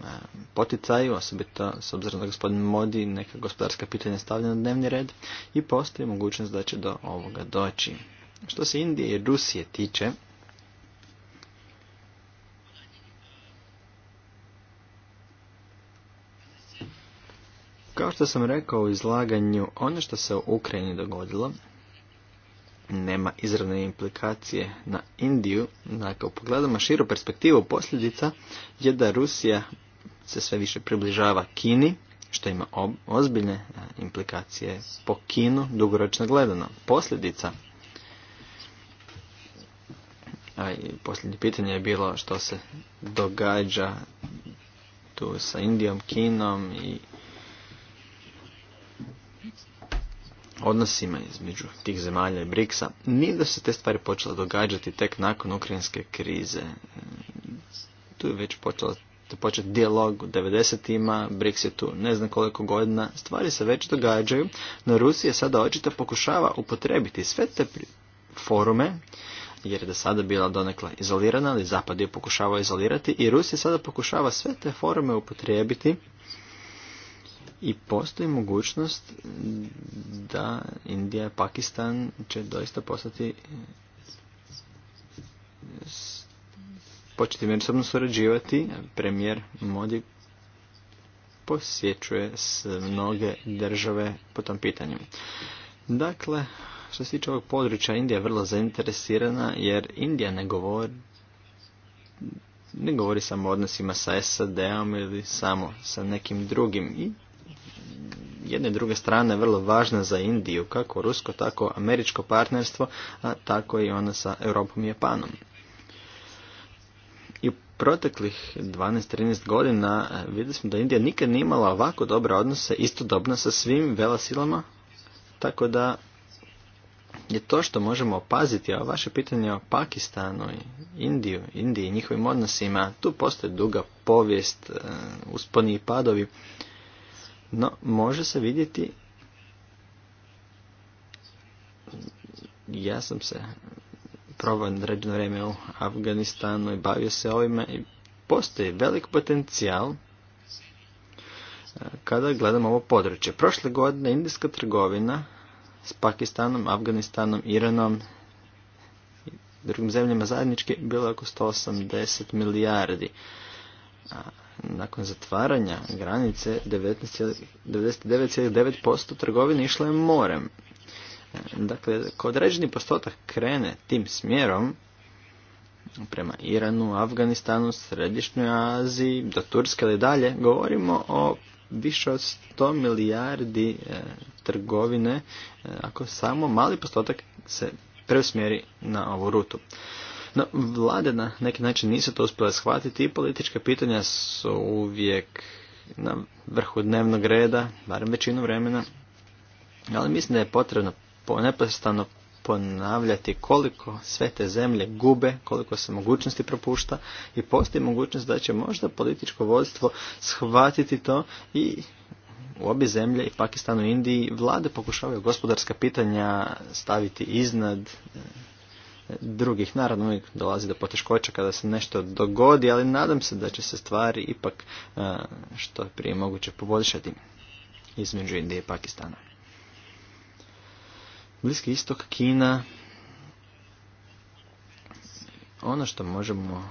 poticaju, osobito s obzirom da gospodin Modi neka gospodarska pitanja stavlja na dnevni red i postoji mogućnost da će do ovoga doći. Što se Indije i Rusije tiče, Kao što sam rekao u izlaganju, ono što se u Ukrajini dogodilo nema izravne implikacije na Indiju. Dakle, pogledamo širu perspektivu posljedica je da Rusija se sve više približava Kini, što ima ozbiljne e, implikacije po Kinu dugoročno gledano. Posljedica a i posljednje pitanje je bilo što se događa tu sa Indijom, Kinom i odnosima između tih zemalja i brics nije da se te stvari počela događati tek nakon ukrajinske krize. Tu je već počela početi dijalog u 90-ima, je tu ne znam koliko godina, stvari se već događaju, no Rusija sada očito pokušava upotrebiti sve te forume, jer je do sada bila donekla izolirana, ali Zapad je pokušavao izolirati i Rusija sada pokušava sve te forume upotrijebiti i postoji mogućnost da Indija Pakistan će doista postati početi međusobno surađivati. Premijer Modi posjećuje s mnoge države po tom pitanju. Dakle, što se tiče ovog područja, Indija je vrlo zainteresirana jer Indija ne govori ne govori samo o odnosima sa SAD-om ili samo sa nekim drugim i jedne i druge strane vrlo važna za Indiju, kako rusko, tako američko partnerstvo, a tako i ona sa Europom i Japanom. I u proteklih 12-13 godina e, vidjeli smo da Indija nikad nije imala ovako dobre odnose istodobno sa svim velasilama, tako da je to što možemo opaziti, a vaše pitanje o Pakistanu i Indiju, Indiji i njihovim odnosima, tu postoji duga povijest, e, usponi i padovi. No, može se vidjeti ja sam se probao određeno vrijeme u Afganistanu i bavio se ovime i postoji velik potencijal e, kada gledamo ovo područje. Prošle godine indijska trgovina s Pakistanom, Afganistanom, Iranom i drugim zemljama zajednički bila oko 180 milijardi nakon zatvaranja granice 99,9% trgovine išlo je morem. E, dakle, ako određeni postotak krene tim smjerom, prema Iranu, Afganistanu, Središnjoj Aziji, do Turske ili dalje, govorimo o više od 100 milijardi e, trgovine e, ako samo mali postotak se preusmjeri na ovu rutu. No, vlade na neki način nisu to uspjele shvatiti i politička pitanja su uvijek na vrhu dnevnog reda, barem većinu vremena. Ali mislim da je potrebno neprestano ponavljati koliko sve te zemlje gube, koliko se mogućnosti propušta i postoji mogućnost da će možda političko vodstvo shvatiti to i u obje zemlje i Pakistanu i Indiji vlade pokušavaju gospodarska pitanja staviti iznad drugih. Naravno, uvijek dolazi do poteškoća kada se nešto dogodi, ali nadam se da će se stvari ipak e, što je prije moguće poboljšati između Indije i Pakistana. Bliski istok Kina, ono što možemo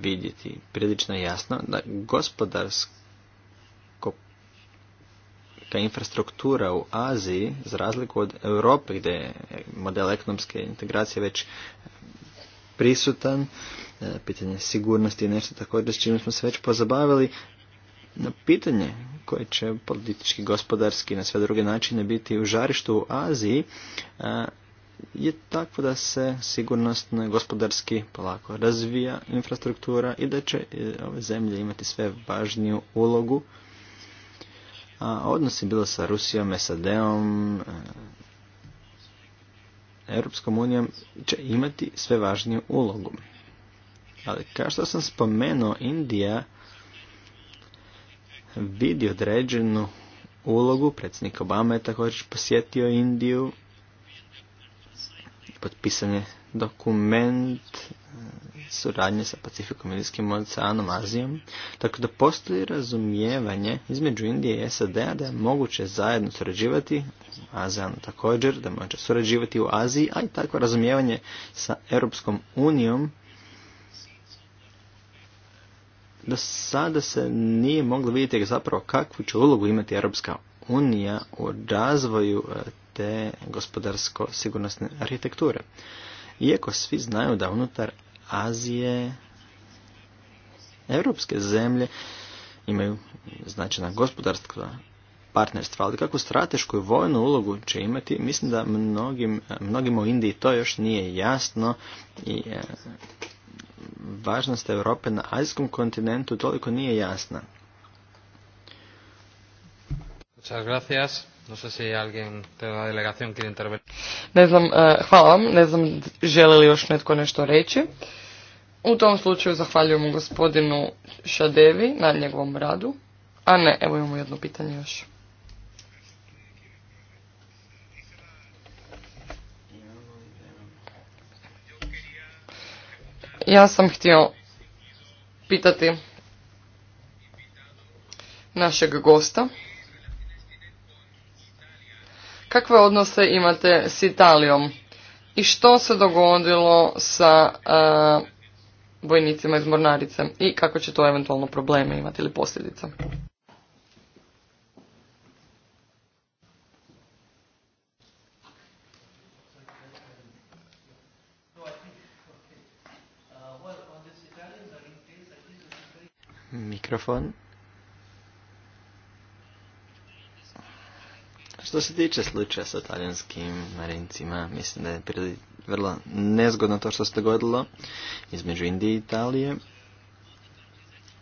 vidjeti prilično jasno, da gospodarsko infrastruktura u Aziji, za razliku od Europe gdje je model ekonomske integracije već prisutan, e, pitanje sigurnosti je nešto također s čim smo se već pozabavili, na pitanje koje će politički, gospodarski i na sve druge načine biti u žarištu u Aziji e, je tako da se sigurnostno i gospodarski polako razvija infrastruktura i da će e, ove zemlje imati sve važniju ulogu a odnosi bilo sa Rusijom, SAD-om, eh, Europskom unijom će imati sve važniju ulogu. Ali kao što sam spomenuo, Indija vidi određenu ulogu. Predsjednik Obama je također posjetio Indiju. Potpisan je dokument eh, suradnje sa Pacifikom, Indijskim oceanom, Azijom, tako da postoji razumijevanje između Indije i SAD-a da je moguće zajedno surađivati, ASEAN također, da može surađivati u Aziji, a i takvo razumijevanje sa Europskom unijom do sada se nije moglo vidjeti zapravo kakvu će ulogu imati Europska unija u razvoju e, te gospodarsko-sigurnosne arhitekture. Iako svi znaju da unutar Azije, europske zemlje imaju značajna gospodarska partnerstva, ali kakvu stratešku i vojnu ulogu će imati, mislim da mnogim, mnogima u Indiji to još nije jasno i e, važnost Europe na azijskom kontinentu toliko nije jasna. Muchas gracias. No sé si alguien de la delegación quiere intervenir. Ne znam, e, hvala vam, ne znam želi li još netko nešto reći. U tom slučaju zahvaljujem gospodinu Šadevi na njegovom radu. A ne, evo imamo jedno pitanje još. Ja sam htio pitati našeg gosta kakve odnose imate s Italijom i što se dogodilo sa e, vojnicima iz Mornarice i kako će to eventualno probleme imati ili posljedice. Mikrofon. Što se tiče slučaja sa talijanskim marincima, mislim da je vrlo nezgodno to što se dogodilo između Indije i Italije.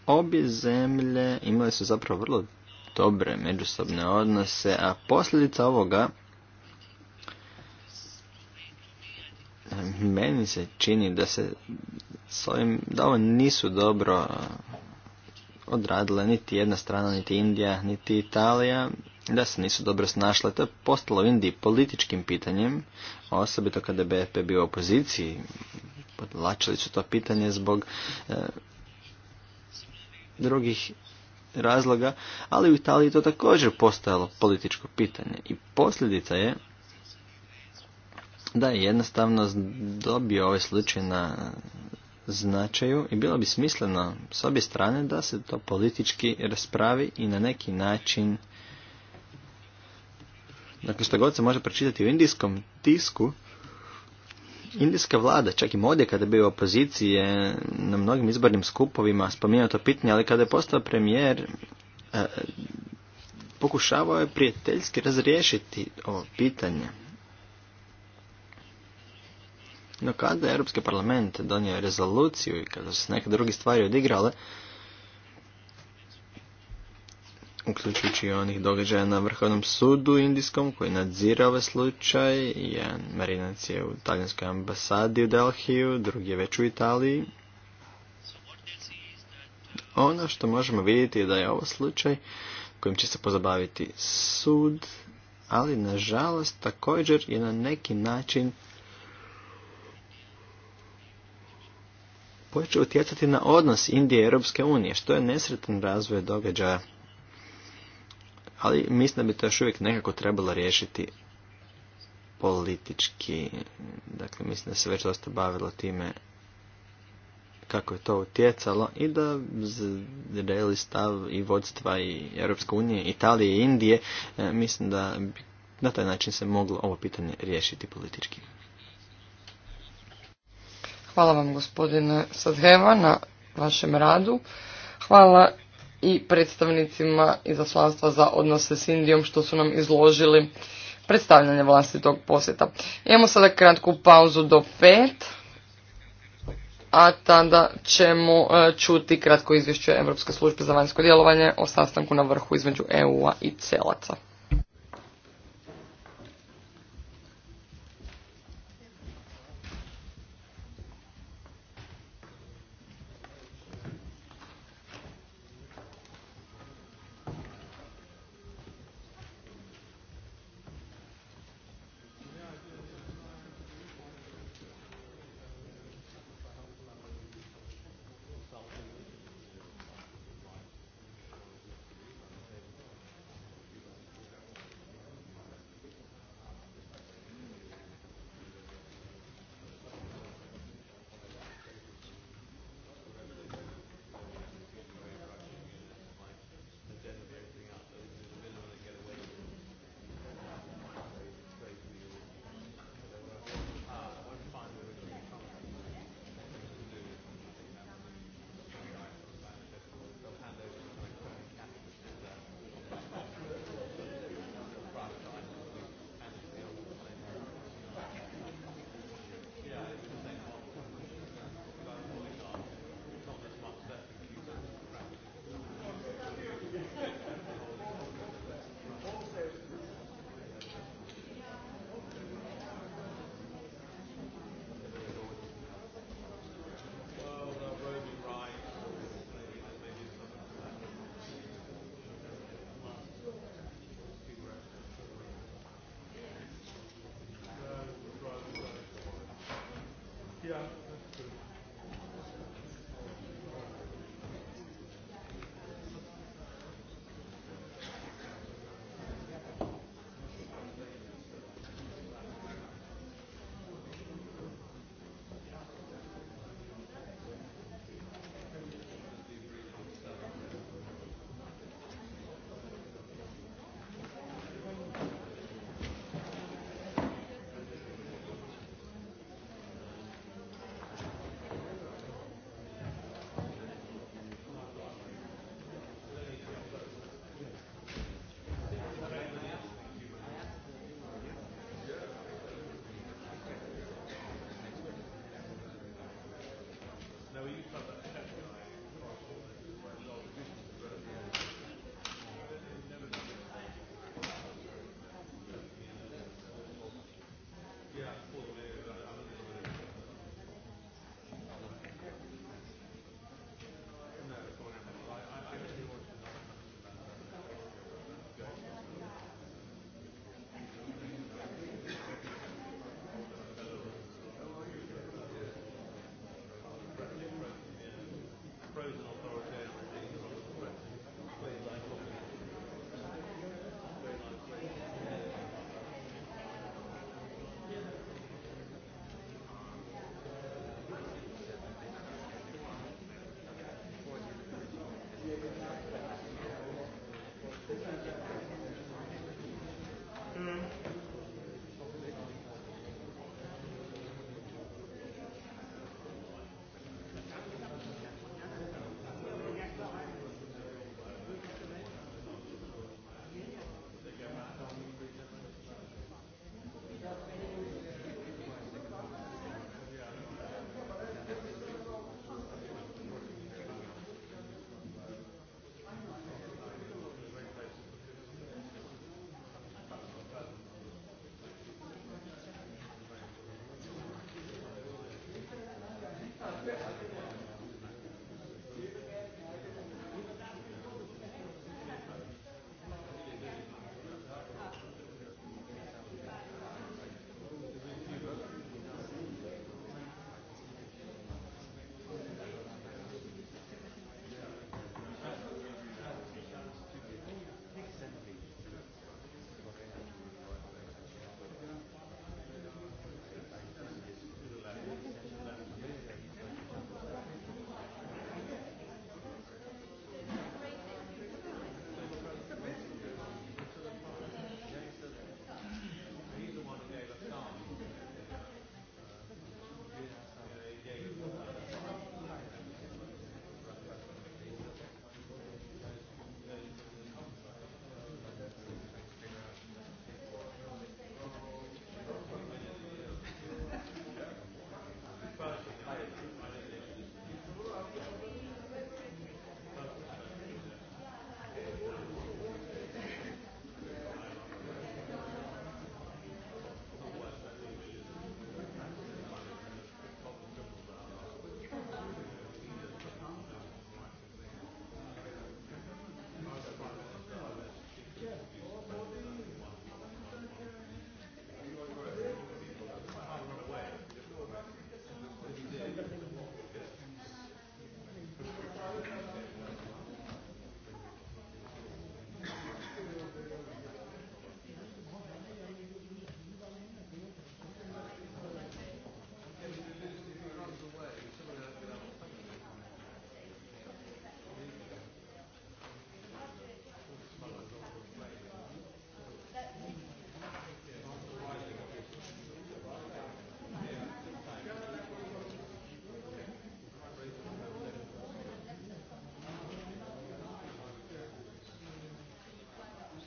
Obje zemlje imale su zapravo vrlo dobre međusobne odnose, a posljedica ovoga meni se čini da se s ovim, da ovo nisu dobro odradile niti jedna strana, niti Indija, niti Italija da se nisu dobro snašle, to je postalo u Indiji političkim pitanjem, osobito kada je BFP bio u opoziciji, podlačili su to pitanje zbog e, drugih razloga, ali u Italiji to također postojalo političko pitanje i posljedica je da je jednostavno dobio ovaj slučaj na značaju i bilo bi smisleno s obje strane da se to politički raspravi i na neki način Dakle, što god se može pročitati u indijskom tisku, indijska vlada, čak i modje kada je bio opozicije na mnogim izbornim skupovima, spominjao to pitanje, ali kada je postao premijer, e, pokušavao je prijateljski razriješiti ovo pitanje. No kada je Europski parlament donio rezoluciju i kada su se neke druge stvari odigrale, uključujući i onih događaja na Vrhovnom sudu indijskom koji nadzira ovaj slučaj. Jedan marinac je u talijanskoj ambasadi u Delhiju, drugi je već u Italiji. Ono što možemo vidjeti je da je ovo slučaj kojim će se pozabaviti sud, ali nažalost također je na neki način počeo utjecati na odnos Indije i Europske unije, što je nesretan razvoj događaja ali mislim da bi to još uvijek nekako trebalo riješiti politički. Dakle, mislim da se već dosta bavilo time kako je to utjecalo i da zreli stav i vodstva i Europske unije, Italije i Indije, e, mislim da na taj način se moglo ovo pitanje riješiti politički. Hvala vam gospodine Sadheva na vašem radu. Hvala i predstavnicima izaslanstva za odnose s Indijom što su nam izložili predstavljanje vlastitog posjeta. Imamo sada kratku pauzu do pet, a tada ćemo e, čuti kratko izvješće Europske službe za vanjsko djelovanje o sastanku na vrhu između EU-a i celaca. Yeah,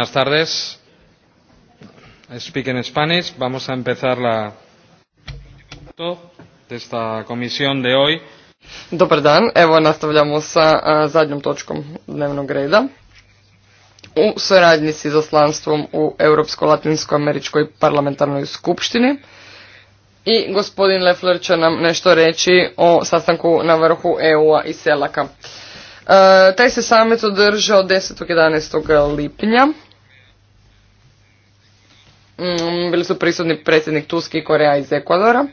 buenas tardes. Speak in Spanish. Vamos a empezar la de esta comisión de hoy. Dobar dan. Evo nastavljamo sa zadnjom točkom dnevnog reda. U suradnji s izaslanstvom u Europsko-Latinsko-Američkoj parlamentarnoj skupštini. I gospodin Lefler će nam nešto reći o sastanku na vrhu EU-a i Selaka. E, taj se samet održao 10. 11. lipnja bili su prisutni predsjednik Tuske i Koreja iz Ekvadora.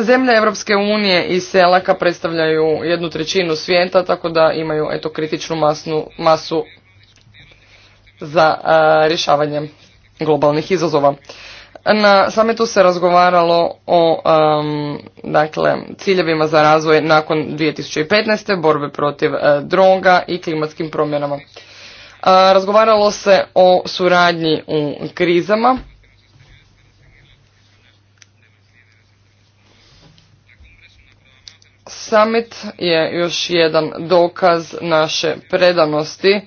Zemlje Europske unije i selaka predstavljaju jednu trećinu svijeta, tako da imaju eto kritičnu masnu, masu za a, rješavanje globalnih izazova. Na samitu se razgovaralo o dakle, ciljevima za razvoj nakon 2015. borbe protiv droga i klimatskim promjenama. Razgovaralo se o suradnji u krizama. Summit je još jedan dokaz naše predanosti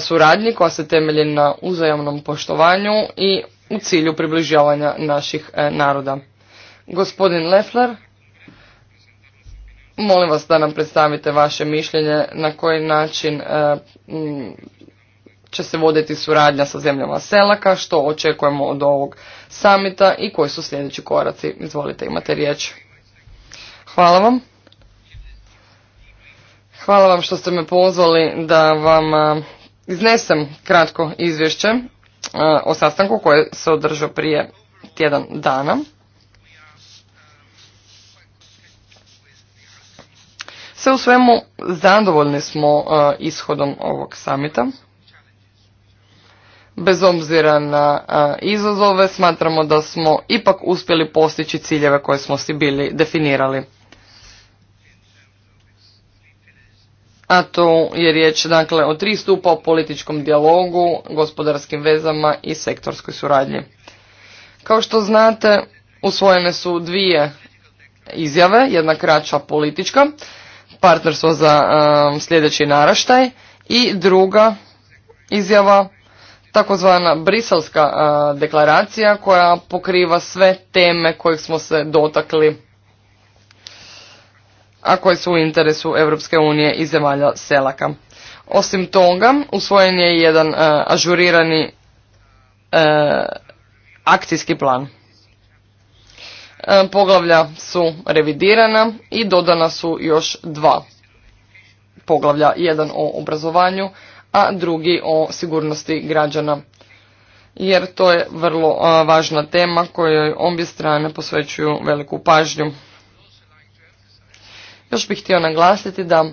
suradnji koja se temelji na uzajamnom poštovanju i u cilju približavanja naših e, naroda. Gospodin Leffler Molim vas da nam predstavite vaše mišljenje na koji način e, će se voditi suradnja sa zemljama Selaka, što očekujemo od ovog samita i koji su sljedeći koraci. Izvolite, imate riječ. Hvala vam. Hvala vam što ste me pozvali da vam e, iznesem kratko izvješće e, o sastanku koje se održao prije tjedan dana. Sve u svemu zadovoljni smo e, ishodom ovog samita. Bez obzira na e, izazove smatramo da smo ipak uspjeli postići ciljeve koje smo si bili definirali. a to je riječ dakle o tri stupa o političkom dijalogu, gospodarskim vezama i sektorskoj suradnji. Kao što znate, usvojene su dvije izjave, jedna kraća politička, partnerstvo za um, sljedeći naraštaj i druga izjava takozvana briselska uh, deklaracija koja pokriva sve teme kojih smo se dotakli a koje su u interesu Europske unije i zemalja selaka. Osim toga, usvojen je jedan uh, ažurirani uh, akcijski plan. E, poglavlja su revidirana i dodana su još dva poglavlja, jedan o obrazovanju, a drugi o sigurnosti građana. Jer to je vrlo važna tema kojoj obje strane posvećuju veliku pažnju. Još bih htio naglasiti da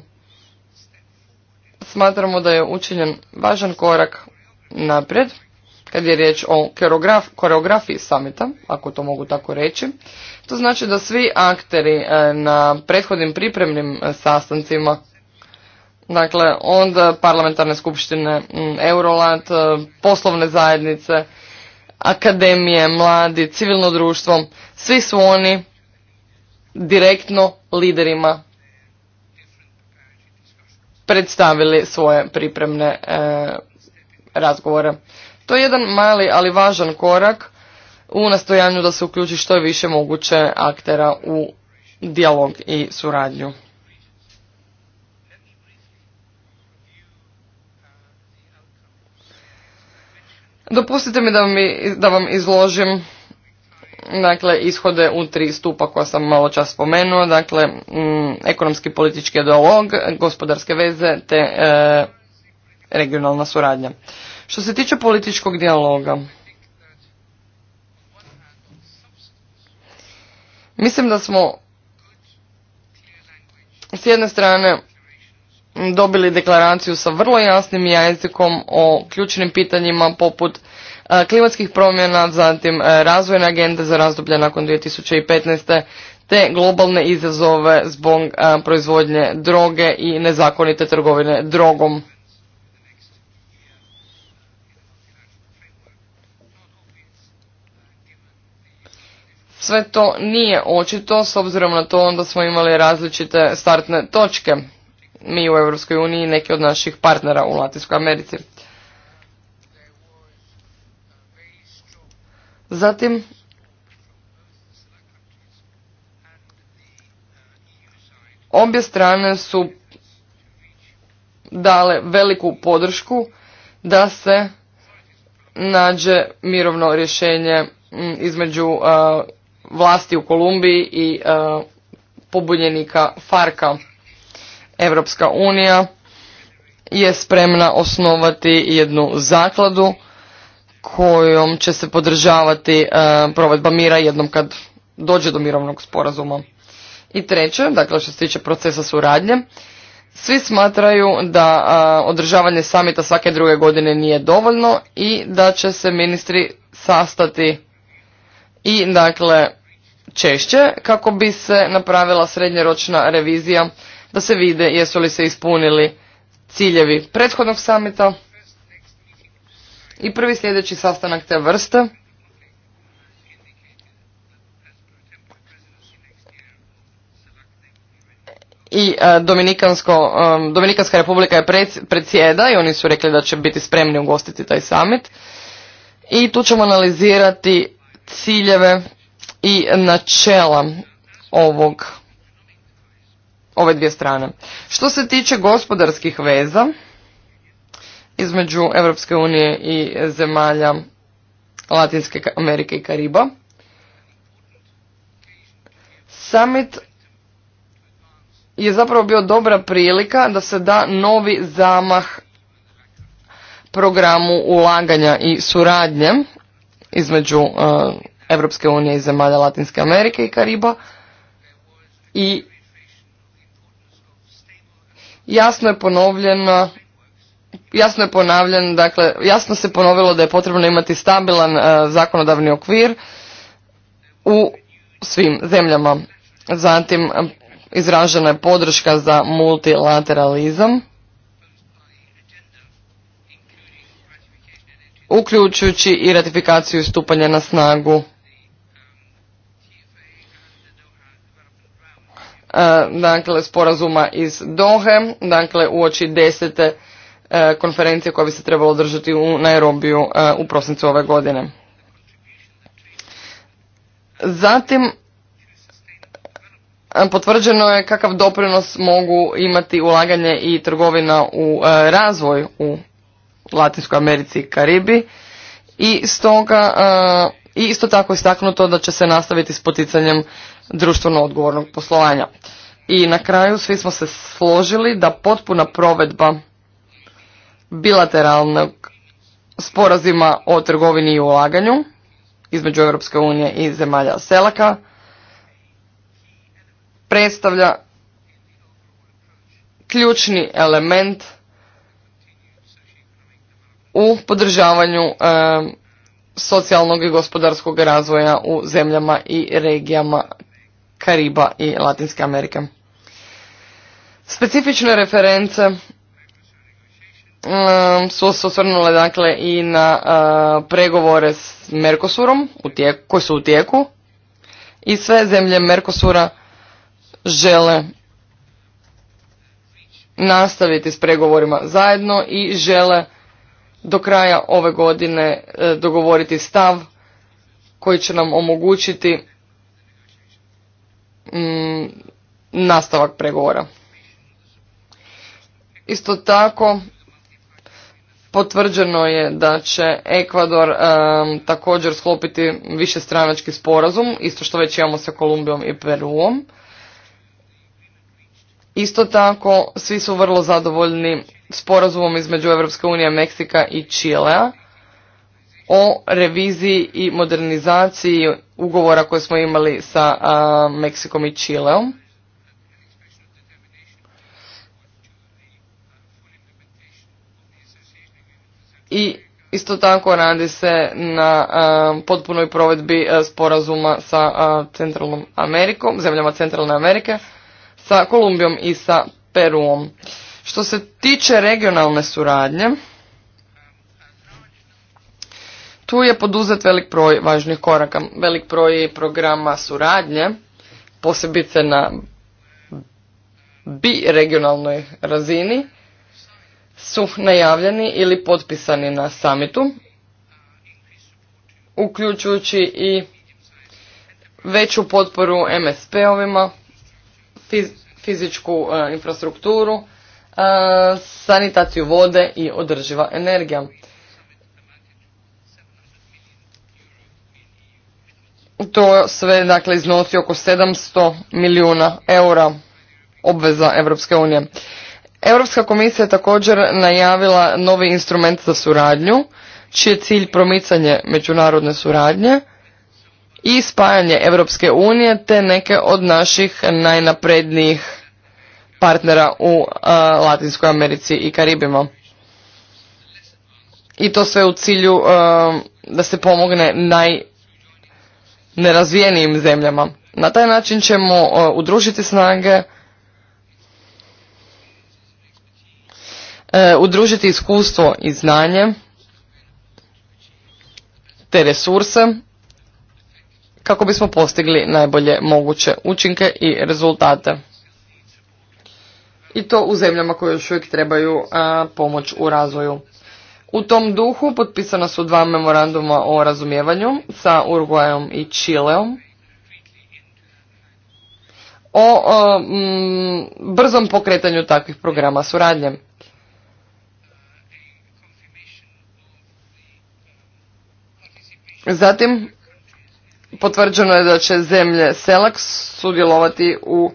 smatramo da je učinjen važan korak naprijed kad je riječ o koreograf, koreografiji samita, ako to mogu tako reći. To znači da svi akteri e, na prethodnim pripremnim e, sastancima, dakle onda parlamentarne skupštine, Eurolat, e, poslovne zajednice, akademije, mladi, civilno društvo, svi su oni direktno liderima predstavili svoje pripremne razgovore. To je jedan mali, ali važan korak u nastojanju da se uključi što je više moguće aktera u dijalog i suradnju. Dopustite mi da, vam izložim dakle, ishode u tri stupa koja sam malo čas spomenuo, dakle, mm, ekonomski politički dialog, gospodarske veze te e, regionalna suradnja. Što se tiče političkog dijaloga, mislim da smo s jedne strane dobili deklaraciju sa vrlo jasnim jezikom o ključnim pitanjima poput e, klimatskih promjena, zatim e, razvojne agende za razdoblje nakon 2015. te globalne izazove zbog e, proizvodnje droge i nezakonite trgovine drogom. Sve to nije očito, s obzirom na to onda smo imali različite startne točke. Mi u Europskoj uniji i neki od naših partnera u Latinskoj Americi. Zatim, obje strane su dale veliku podršku da se nađe mirovno rješenje mm, između vlasti u Kolumbiji i e, pobunjenika Farka. Evropska unija je spremna osnovati jednu zakladu kojom će se podržavati e, provedba mira jednom kad dođe do mirovnog sporazuma. I treće, dakle što se tiče procesa suradnje, svi smatraju da e, održavanje samita svake druge godine nije dovoljno i da će se ministri sastati i dakle češće kako bi se napravila srednjeročna revizija da se vide jesu li se ispunili ciljevi prethodnog samita i prvi sljedeći sastanak te vrste i e, Dominikanska republika je predsjeda i oni su rekli da će biti spremni ugostiti taj summit. I tu ćemo analizirati ciljeve i načela ovog, ove dvije strane. Što se tiče gospodarskih veza između Europske unije i zemalja Latinske Amerike i Kariba, summit je zapravo bio dobra prilika da se da novi zamah programu ulaganja i suradnje između uh, Europske unije i zemalja Latinske Amerike i Kariba i jasno je ponovljeno, jasno je ponavljen dakle, jasno se ponovilo da je potrebno imati stabilan uh, zakonodavni okvir u svim zemljama. Zatim um, izražena je podrška za multilateralizam uključujući i ratifikaciju stupanja na snagu e, dakle sporazuma iz Dohe, dakle uoči desete e, konferencije koja bi se trebalo održati u Nairobiju e, u prosincu ove godine. Zatim potvrđeno je kakav doprinos mogu imati ulaganje i trgovina u razvoj u Latinskoj Americi i Karibi i stoga i isto tako istaknuto da će se nastaviti s poticanjem društveno odgovornog poslovanja. I na kraju svi smo se složili da potpuna provedba bilateralnog sporazima o trgovini i ulaganju između Europske unije i zemalja Selaka predstavlja ključni element u podržavanju e, socijalnog i gospodarskog razvoja u zemljama i regijama Kariba i Latinske Amerike. Specifične reference e, su se osvrnule dakle i na e, pregovore s Mercosurom u tijeku, koji su u tijeku i sve zemlje Mercosura žele nastaviti s pregovorima zajedno i žele do kraja ove godine e, dogovoriti stav koji će nam omogućiti mm, nastavak pregovora. Isto tako, potvrđeno je da će Ekvador e, također sklopiti višestranački sporazum, isto što već imamo sa Kolumbijom i Peruom. Isto tako, svi su vrlo zadovoljni sporazumom između Europske unije, Meksika i Čilea o reviziji i modernizaciji ugovora koje smo imali sa Meksikom i Čileom. I isto tako radi se na potpunoj provedbi sporazuma sa Centralnom Amerikom, zemljama Centralne Amerike, sa Kolumbijom i sa Peruom. Što se tiče regionalne suradnje, tu je poduzet velik broj važnih koraka, velik broj programa suradnje, posebice na bi regionalnoj razini, su najavljeni ili potpisani na samitu, uključujući i veću potporu MSP-ovima, fizičku e, infrastrukturu, E, sanitaciju vode i održiva energija. To sve dakle iznosi oko 700 milijuna eura obveza Europske unije. Europska komisija je također najavila novi instrument za suradnju, čiji je cilj promicanje međunarodne suradnje i spajanje Europske unije te neke od naših najnaprednijih partnera u uh, Latinskoj Americi i Karibima. I to sve u cilju uh, da se pomogne najnerazvijenijim zemljama. Na taj način ćemo uh, udružiti snage, udružiti iskustvo i znanje, te resurse kako bismo postigli najbolje moguće učinke i rezultate i to u zemljama koje još uvijek trebaju pomoć u razvoju. U tom duhu potpisana su dva memoranduma o razumijevanju sa Uruguayom i Čileom o, brzom pokretanju takvih programa suradnje. Zatim, potvrđeno je da će zemlje selaks sudjelovati u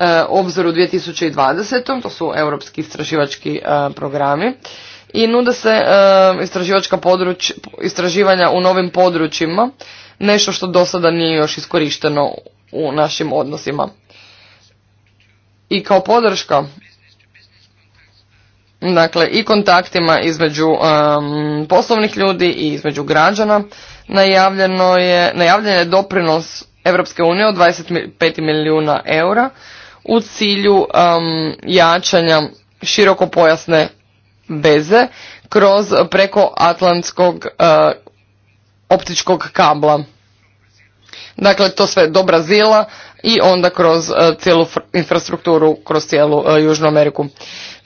E, obzoru 2020. To su europski istraživački e, programi i nude se e, istraživačka istraživanja u novim područjima, nešto što do sada nije još iskorišteno u našim odnosima. I kao podrška dakle i kontaktima između poslovnih ljudi i između građana najavljeno je najavljen je doprinos Europske unije od 25 milijuna eura u cilju um, jačanja širokopojasne veze kroz preko atlantskog uh, optičkog kabla. Dakle, to sve do Brazila i onda kroz uh, cijelu infrastrukturu, kroz cijelu uh, Južnu Ameriku.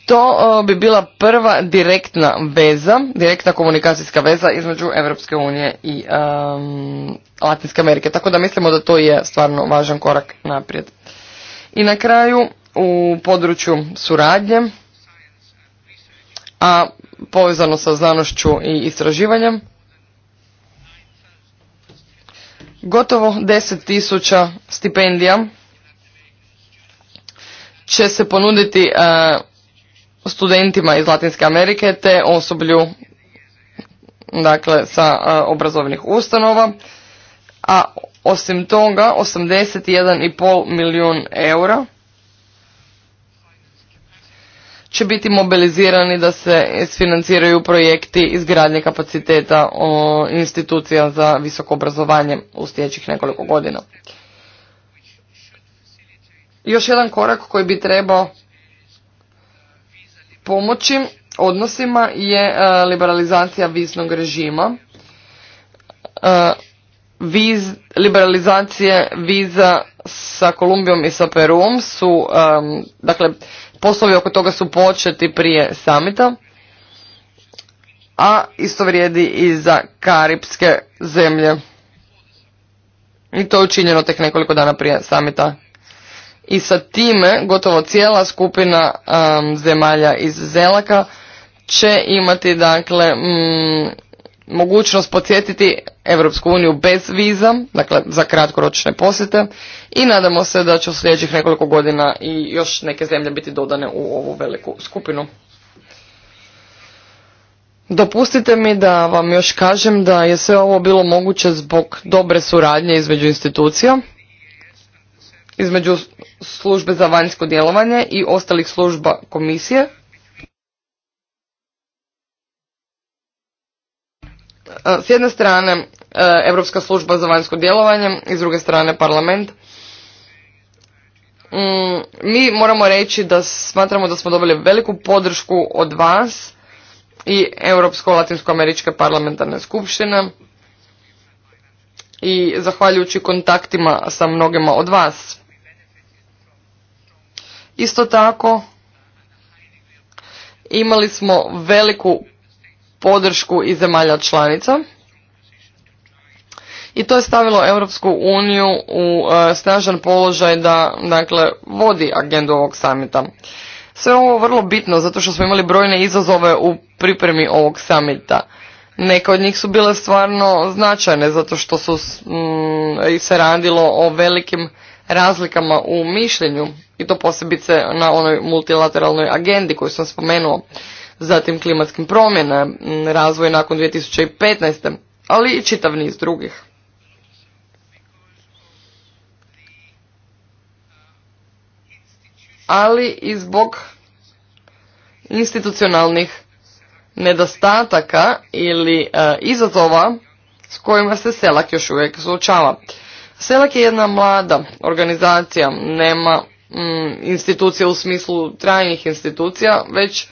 To uh, bi bila prva direktna veza, direktna komunikacijska veza između Europske unije i um, Latinske Amerike. Tako da mislimo da to je stvarno važan korak naprijed. I na kraju u području suradnje, a povezano sa znanošću i istraživanjem, gotovo 10.000 stipendija će se ponuditi e, studentima iz Latinske Amerike te osoblju dakle, sa e, obrazovnih ustanova a osim toga 81,5 milijun eura će biti mobilizirani da se sfinanciraju projekti izgradnje kapaciteta o, institucija za visoko obrazovanje u sljedećih nekoliko godina. Još jedan korak koji bi trebao pomoći odnosima je e, liberalizacija visnog režima. E, viz, liberalizacije viza sa Kolumbijom i sa Peruom su, um, dakle, poslovi oko toga su početi prije samita, a isto vrijedi i za karipske zemlje. I to je učinjeno tek nekoliko dana prije samita. I sa time gotovo cijela skupina um, zemalja iz Zelaka će imati dakle mm, mogućnost podsjetiti Europsku uniju bez viza, dakle za kratkoročne posjete i nadamo se da će u sljedećih nekoliko godina i još neke zemlje biti dodane u ovu veliku skupinu. Dopustite mi da vam još kažem da je sve ovo bilo moguće zbog dobre suradnje između institucija, između službe za vanjsko djelovanje i ostalih služba komisije E, s jedne strane Europska služba za vanjsko djelovanje i s druge strane parlament. Mm, mi moramo reći da smatramo da smo dobili veliku podršku od vas i Europsko-Latinsko-Američke parlamentarne skupštine i zahvaljujući kontaktima sa mnogima od vas. Isto tako, imali smo veliku podršku i zemalja članica i to je stavilo Europsku uniju u e, snažan položaj da dakle vodi agendu ovog samita. Sve ovo je vrlo bitno zato što smo imali brojne izazove u pripremi ovog samita. Neka od njih su bile stvarno značajne zato što su mm, se radilo o velikim razlikama u mišljenju i to posebice na onoj multilateralnoj agendi koju sam spomenuo zatim klimatskim promjena, razvoj nakon 2015. ali i čitav niz drugih. Ali i zbog institucionalnih nedostataka ili e, izazova s kojima se Selak još uvijek suočava. Selak je jedna mlada organizacija, nema institucija u smislu trajnih institucija, već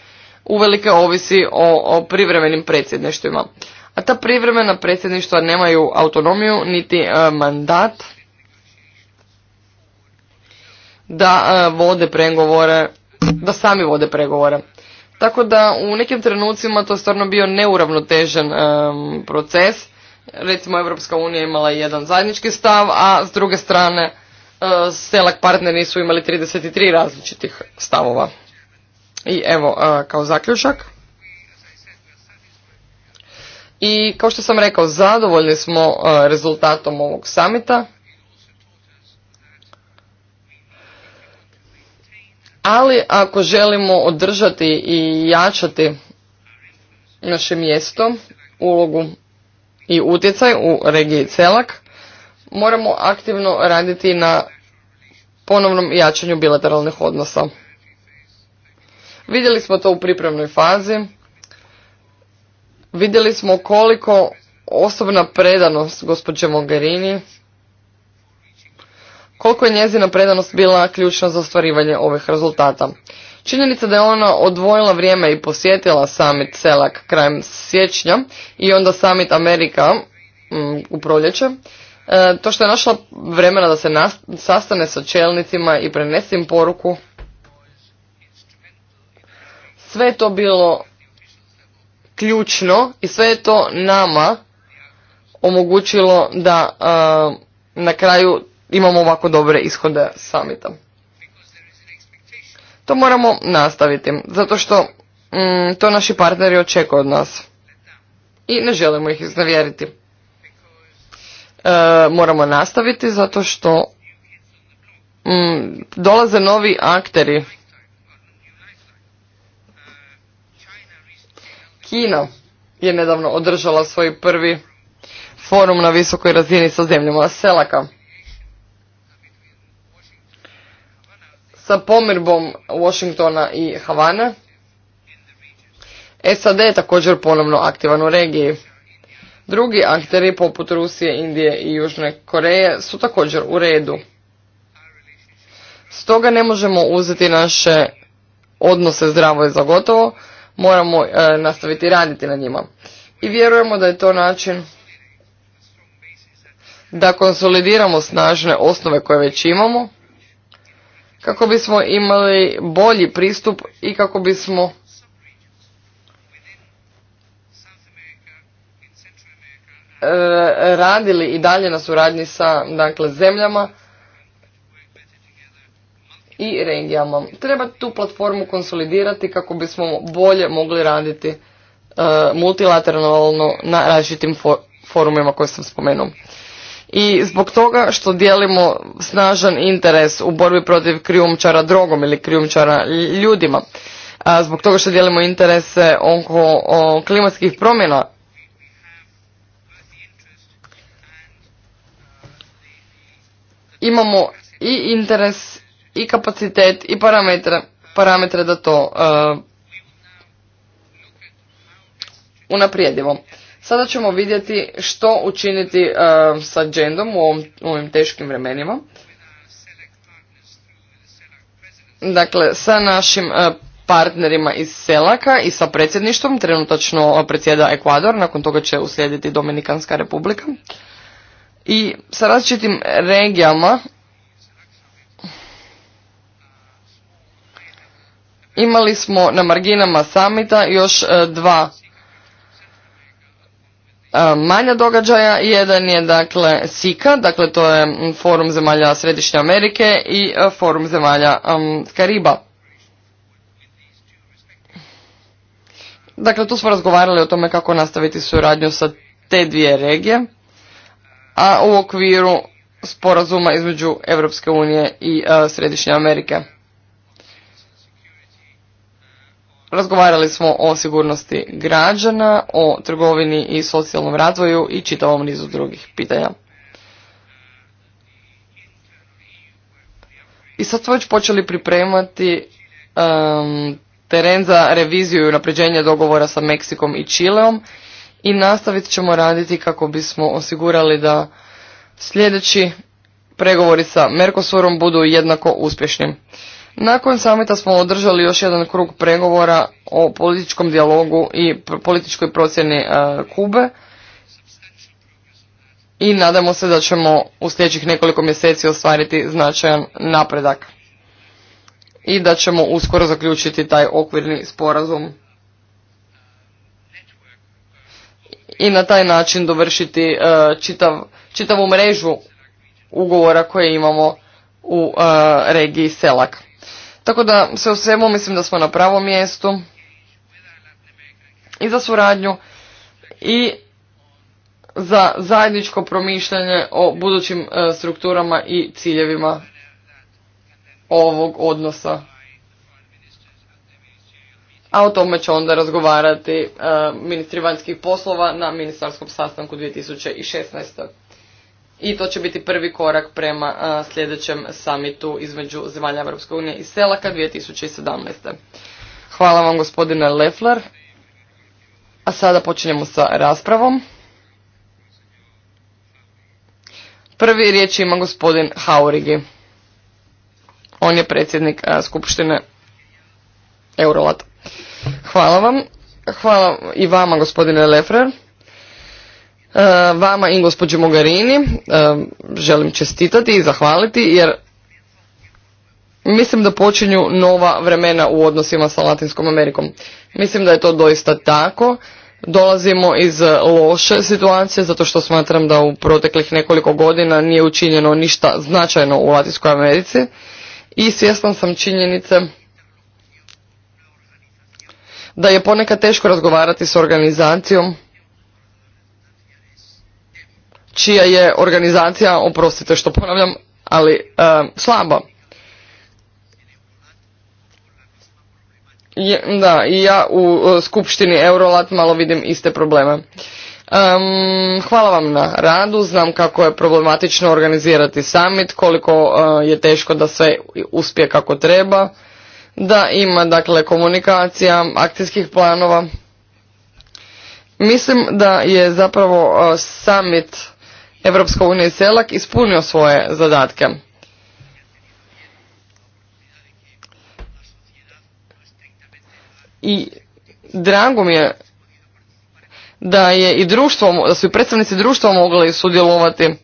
uvelike ovisi o, privremenim predsjedništvima. A ta privremena predsjedništva nemaju autonomiju niti e, mandat da e, vode pregovore, da sami vode pregovore. Tako da u nekim trenucima to je stvarno bio neuravnotežen e, proces. Recimo Europska unija imala jedan zajednički stav, a s druge strane Selak partneri su imali 33 različitih stavova. I evo, kao zaključak. I kao što sam rekao, zadovoljni smo rezultatom ovog samita. Ali ako želimo održati i jačati naše mjesto, ulogu i utjecaj u regiji CELAK, moramo aktivno raditi na ponovnom jačanju bilateralnih odnosa. Vidjeli smo to u pripremnoj fazi. Vidjeli smo koliko osobna predanost gospođe Mogherini, koliko je njezina predanost bila ključna za ostvarivanje ovih rezultata. Činjenica da je ona odvojila vrijeme i posjetila summit Selak krajem siječnja i onda summit Amerika mm, u proljeće, e, to što je našla vremena da se sastane sa čelnicima i prenese poruku sve je to bilo ključno i sve je to nama omogućilo da na kraju imamo ovako dobre ishode samita. To moramo nastaviti, zato što mm, to naši partneri očekuju od nas i ne želimo ih iznavjeriti. E, moramo nastaviti zato što mm, dolaze novi akteri Kina je nedavno održala svoj prvi forum na visokoj razini sa zemljama Selaka. Sa pomirbom Washingtona i Havana, SAD je također ponovno aktivan u regiji. Drugi akteri poput Rusije, Indije i Južne Koreje su također u redu. Stoga ne možemo uzeti naše odnose zdravo i za gotovo, moramo e, nastaviti raditi na njima. I vjerujemo da je to način da konsolidiramo snažne osnove koje već imamo, kako bismo imali bolji pristup i kako bismo e, radili i dalje na suradnji sa dakle, zemljama i regijama. Treba tu platformu konsolidirati kako bismo bolje mogli raditi e, multilateralno na različitim forumima koje sam spomenuo. I zbog toga što dijelimo snažan interes u borbi protiv krijumčara drogom ili krijumčara ljudima, a zbog toga što dijelimo interese oko o, klimatskih promjena imamo i interes i kapacitet i parametre, parametre da to uh, unaprijedimo. Sada ćemo vidjeti što učiniti e, sa džendom u, ovim teškim vremenima. Dakle, sa našim e, partnerima iz Selaka i sa predsjedništvom. Trenutačno predsjeda Ekvador, nakon toga će uslijediti Dominikanska republika. I sa različitim regijama Imali smo na marginama samita još e, dva e, manja događaja. Jedan je dakle SIKA, dakle to je forum zemalja Središnje Amerike i e, forum zemalja Kariba. Dakle, tu smo razgovarali o tome kako nastaviti suradnju sa te dvije regije, a u okviru sporazuma između Europske unije i Središnje Amerike. Razgovarali smo o sigurnosti građana, o trgovini i socijalnom razvoju i čitavom nizu drugih pitanja. I sad smo već počeli pripremati teren za reviziju i napređenje dogovora sa Meksikom i Čileom i nastavit ćemo raditi kako bismo osigurali da sljedeći pregovori sa Mercosurom budu jednako uspješni. Nakon samita smo održali još jedan krug pregovora o političkom dijalogu i političkoj procjeni e, Kube i nadamo se da ćemo u sljedećih nekoliko mjeseci ostvariti značajan napredak i da ćemo uskoro zaključiti taj okvirni sporazum i na taj način dovršiti e, čitav, čitavu mrežu ugovora koje imamo u e, regiji Selak. Tako da se u svemu mislim da smo na pravom mjestu i za suradnju i za zajedničko promišljanje o budućim e, strukturama i ciljevima ovog odnosa. A o tome će onda razgovarati e, ministri vanjskih poslova na ministarskom sastanku 2016 i to će biti prvi korak prema sljedećem samitu između zemalja Europske unije i Selaka 2017. Hvala vam gospodine Leffler. A sada počinjemo sa raspravom. Prvi riječ ima gospodin Haurigi. On je predsjednik Skupštine Eurolat. Hvala vam. Hvala i vama gospodine Leffler. E, vama i gospođi Mogarini e, želim čestitati i zahvaliti jer mislim da počinju nova vremena u odnosima sa Latinskom Amerikom. Mislim da je to doista tako. Dolazimo iz loše situacije zato što smatram da u proteklih nekoliko godina nije učinjeno ništa značajno u Latinskoj Americi i svjestan sam činjenice da je ponekad teško razgovarati s organizacijom čija je organizacija, oprostite što ponavljam, ali slaba. da, i ja u e, skupštini Eurolat malo vidim iste probleme. hvala vam na radu, znam kako je problematično organizirati summit, koliko e, je teško da sve uspije kako treba, da ima dakle komunikacija, akcijskih planova. Mislim da je zapravo e, summit Europska unija i Selak ispunio svoje zadatke. I drago mi je da je i društvo, da su i predstavnici društva mogli sudjelovati,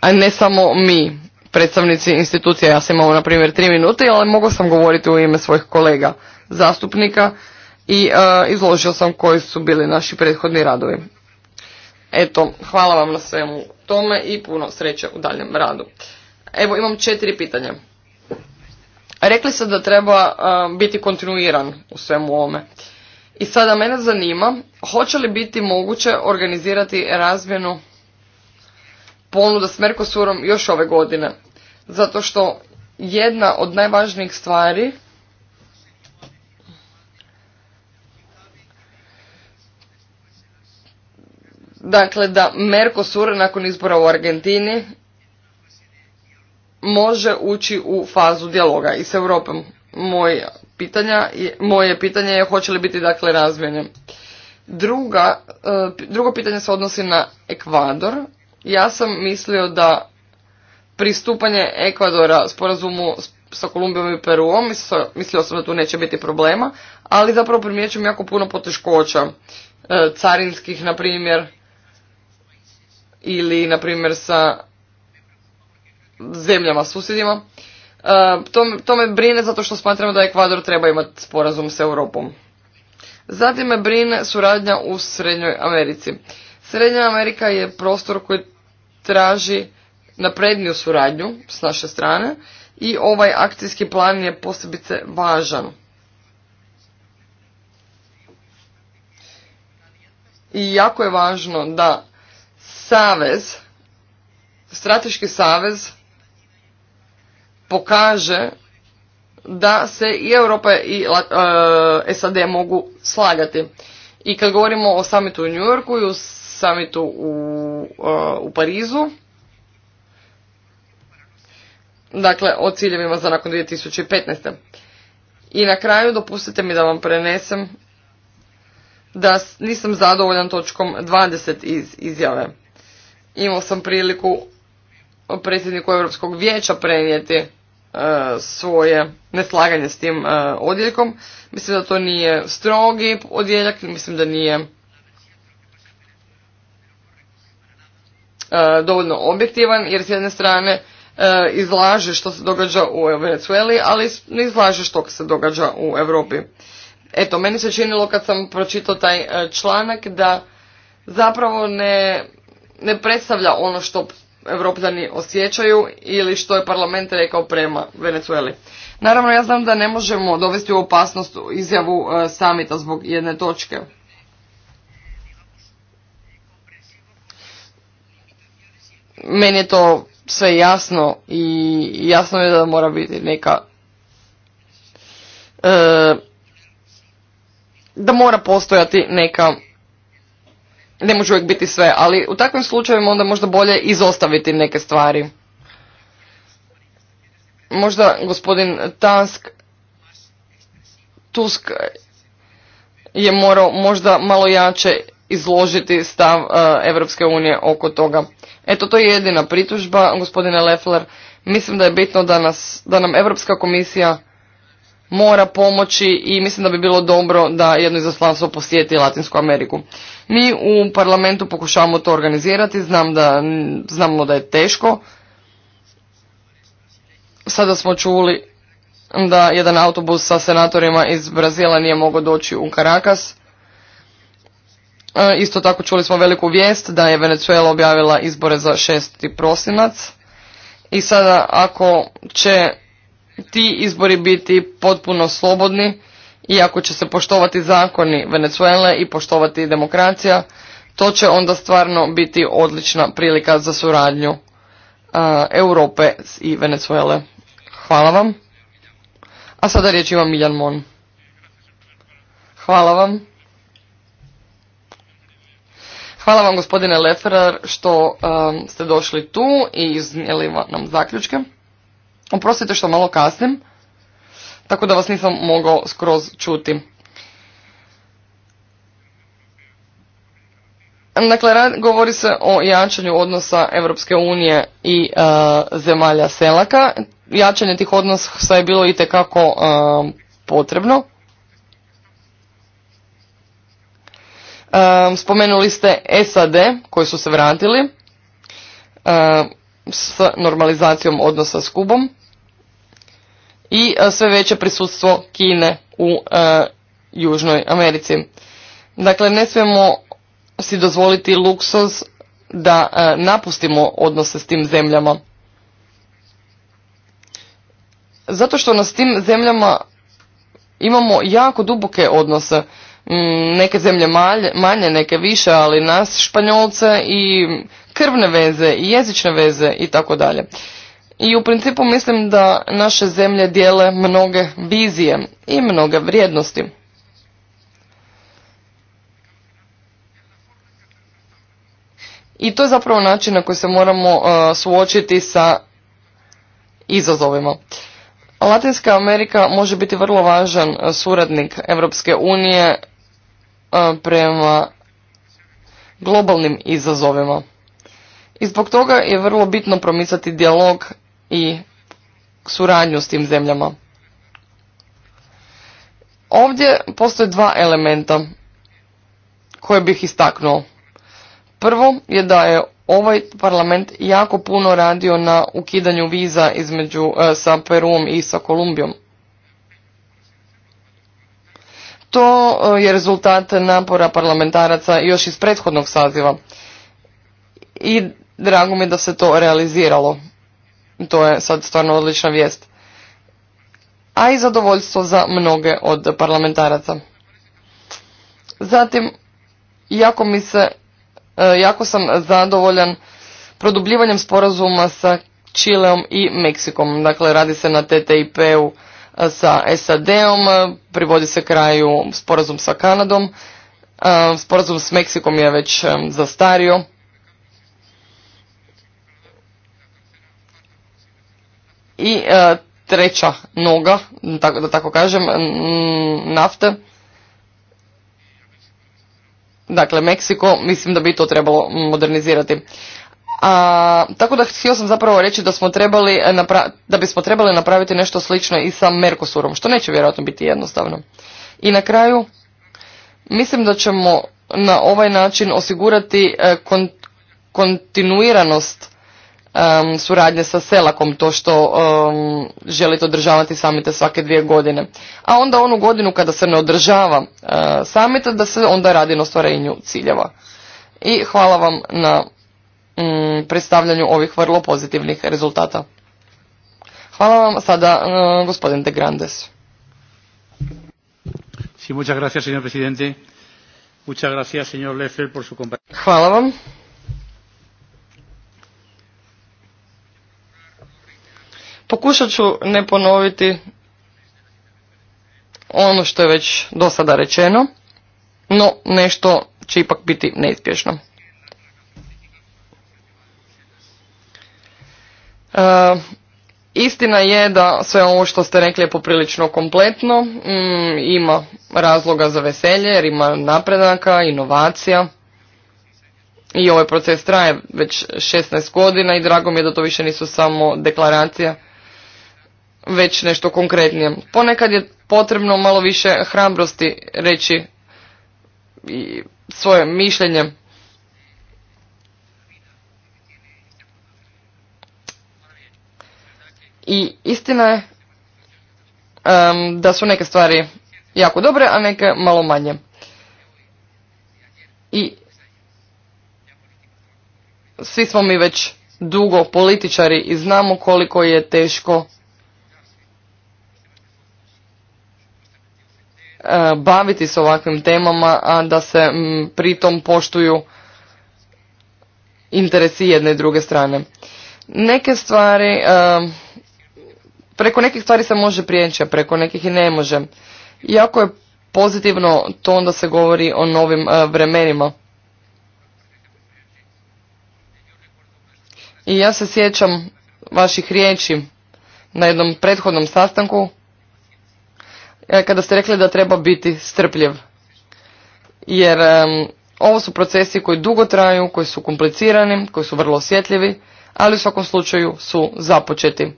a ne samo mi, predstavnici institucija. Ja sam imao, na primjer, tri minute, ali mogao sam govoriti u ime svojih kolega, zastupnika i e, izložio sam koji su bili naši prethodni radovi. Eto, hvala vam na svemu tome i puno sreće u daljem radu. Evo, imam četiri pitanja. Rekli ste da treba e, biti kontinuiran u svemu ovome. I sada mene zanima, hoće li biti moguće organizirati razmjenu ponuda s Merkosurom još ove godine? Zato što jedna od najvažnijih stvari dakle da Mercosur nakon izbora u Argentini može ući u fazu dijaloga i s Europom. Moje pitanja, moje pitanje je hoće li biti dakle razmjene. Druga, eh, drugo pitanje se odnosi na Ekvador. Ja sam mislio da pristupanje Ekvadora sporazumu sa Kolumbijom i Peruom, mislio sam da tu neće biti problema, ali zapravo primjećujem jako puno poteškoća eh, carinskih, na primjer, ili na primjer sa zemljama susjedima. E, to, me brine zato što smatramo da Ekvador treba imati sporazum s Europom. Zatim me brine suradnja u Srednjoj Americi. Srednja Amerika je prostor koji traži napredniju suradnju s naše strane i ovaj akcijski plan je posebice važan. I jako je važno da savez, strateški savez pokaže da se i Europa i e, SAD mogu slagati. I kad govorimo o samitu u New Yorku i o samitu u, e, u Parizu, dakle o ciljevima za nakon 2015. I na kraju dopustite mi da vam prenesem da nisam zadovoljan točkom 20 iz izjave. Imao sam priliku predsjedniku Europskog vijeća prenijeti e, svoje neslaganje s tim e, odjeljkom. Mislim da to nije strogi odjeljak, mislim da nije e, dovoljno objektivan, jer s jedne strane izlaže što se događa u Venezueli, ali ne izlaže što se događa u Europi. Eto, meni se činilo kad sam pročitao taj članak da zapravo ne ne predstavlja ono što evropljani osjećaju ili što je parlament rekao prema Venezueli. Naravno, ja znam da ne možemo dovesti u opasnost izjavu e, samita zbog jedne točke. Meni je to sve jasno i jasno je da mora biti neka... E, da mora postojati neka ne može uvijek biti sve, ali u takvim slučajevima onda možda bolje izostaviti neke stvari. Možda gospodin Tusk, Tusk je morao možda malo jače izložiti stav uh, e, Europske unije oko toga. Eto, to je jedina pritužba, gospodine Leffler. Mislim da je bitno da, nas, da nam Europska komisija mora pomoći i mislim da bi bilo dobro da jedno izaslanstvo posjeti Latinsku Ameriku. Mi u parlamentu pokušavamo to organizirati, znam da, znamo da je teško. Sada smo čuli da jedan autobus sa senatorima iz Brazila nije mogao doći u Karakas. E, isto tako čuli smo veliku vijest da je Venezuela objavila izbore za 6. prosinac. I sada ako će ti izbori biti potpuno slobodni, iako će se poštovati zakoni Venezuele i poštovati demokracija, to će onda stvarno biti odlična prilika za suradnju uh, Europe i Venezuele. Hvala vam. A sada riječ ima Miljan Mon. Hvala vam. Hvala vam gospodine Leferar što um, ste došli tu i iznijeli nam zaključke. Oprostite što malo kasnim tako da vas nisam mogao skroz čuti. Dakle, govori se o jačanju odnosa Europske unije i e, zemalja selaka. Jačanje tih odnosa je bilo i tekako e, potrebno. E, spomenuli ste SAD koji su se vratili s normalizacijom odnosa s Kubom i e, sve veće prisustvo Kine u e, Južnoj Americi. Dakle, ne smijemo si dozvoliti luksuz da e, napustimo odnose s tim zemljama. Zato što nas s tim zemljama imamo jako duboke odnose. Mm, neke zemlje manje, neke više, ali nas Španjolce i krvne veze, i jezične veze i tako dalje. I u principu mislim da naše zemlje dijele mnoge vizije i mnoge vrijednosti. I to je zapravo način na koji se moramo uh, suočiti sa izazovima. Latinska Amerika može biti vrlo važan uh, suradnik Europske unije uh, prema globalnim izazovima. I zbog toga je vrlo bitno promicati dijalog i suradnju s tim zemljama. Ovdje postoje dva elementa koje bih istaknuo. Prvo je da je ovaj parlament jako puno radio na ukidanju viza između e, sa Peruom i sa Kolumbijom. To e, je rezultat napora parlamentaraca još iz prethodnog saziva. I drago mi je da se to realiziralo. To je sad stvarno odlična vijest. A i zadovoljstvo za mnoge od parlamentaraca. Zatim, jako mi se, e, jako sam zadovoljan produbljivanjem sporazuma sa Čileom i Meksikom. Dakle, radi se na TTIP-u e, sa SAD-om, e, privodi se kraju sporazum sa Kanadom, sporazum s Meksikom je već zastario. i e, treća noga, tako da tako kažem, nafte. Dakle, Meksiko, mislim da bi to trebalo modernizirati. A, tako da htio sam zapravo reći da, smo trebali e, da bismo trebali napraviti nešto slično i sa Mercosurom, što neće vjerojatno biti jednostavno. I na kraju, mislim da ćemo na ovaj način osigurati e, kontinuiranost um, suradnje sa Selakom, to što um, želite održavati samite svake dvije godine. A onda onu godinu kada se ne održava uh, eh, samite, da se onda radi na ostvarenju ciljeva. I hvala vam na mm, predstavljanju ovih vrlo pozitivnih rezultata. Hvala vam sada uh, gospodin De Grandes. Sí, muchas gracias, señor presidente. Muchas gracias, señor por su Hvala vam. Pokušat ću ne ponoviti ono što je već do sada rečeno, no nešto će ipak biti neispješno. E, istina je da sve ovo što ste rekli je poprilično kompletno, mm, ima razloga za veselje, jer ima napredaka, inovacija i ovaj proces traje već 16 godina i drago mi je da to više nisu samo deklaracija već nešto konkretnije. Ponekad je potrebno malo više hrabrosti reći i svoje mišljenje. I istina je da su neke stvari jako dobre, a neke malo manje. I svi smo mi već dugo političari i znamo koliko je teško E, baviti se ovakvim temama, a da se pritom poštuju interesi jedne i druge strane. Neke stvari, e, preko nekih stvari se može prijeći, a preko nekih i ne može. Jako je pozitivno to onda se govori o novim e, vremenima. I ja se sjećam vaših riječi na jednom prethodnom sastanku E, kada ste rekli da treba biti strpljiv. Jer ovo su procesi koji dugo traju, koji su komplicirani, koji su vrlo osjetljivi, ali u svakom slučaju su započeti.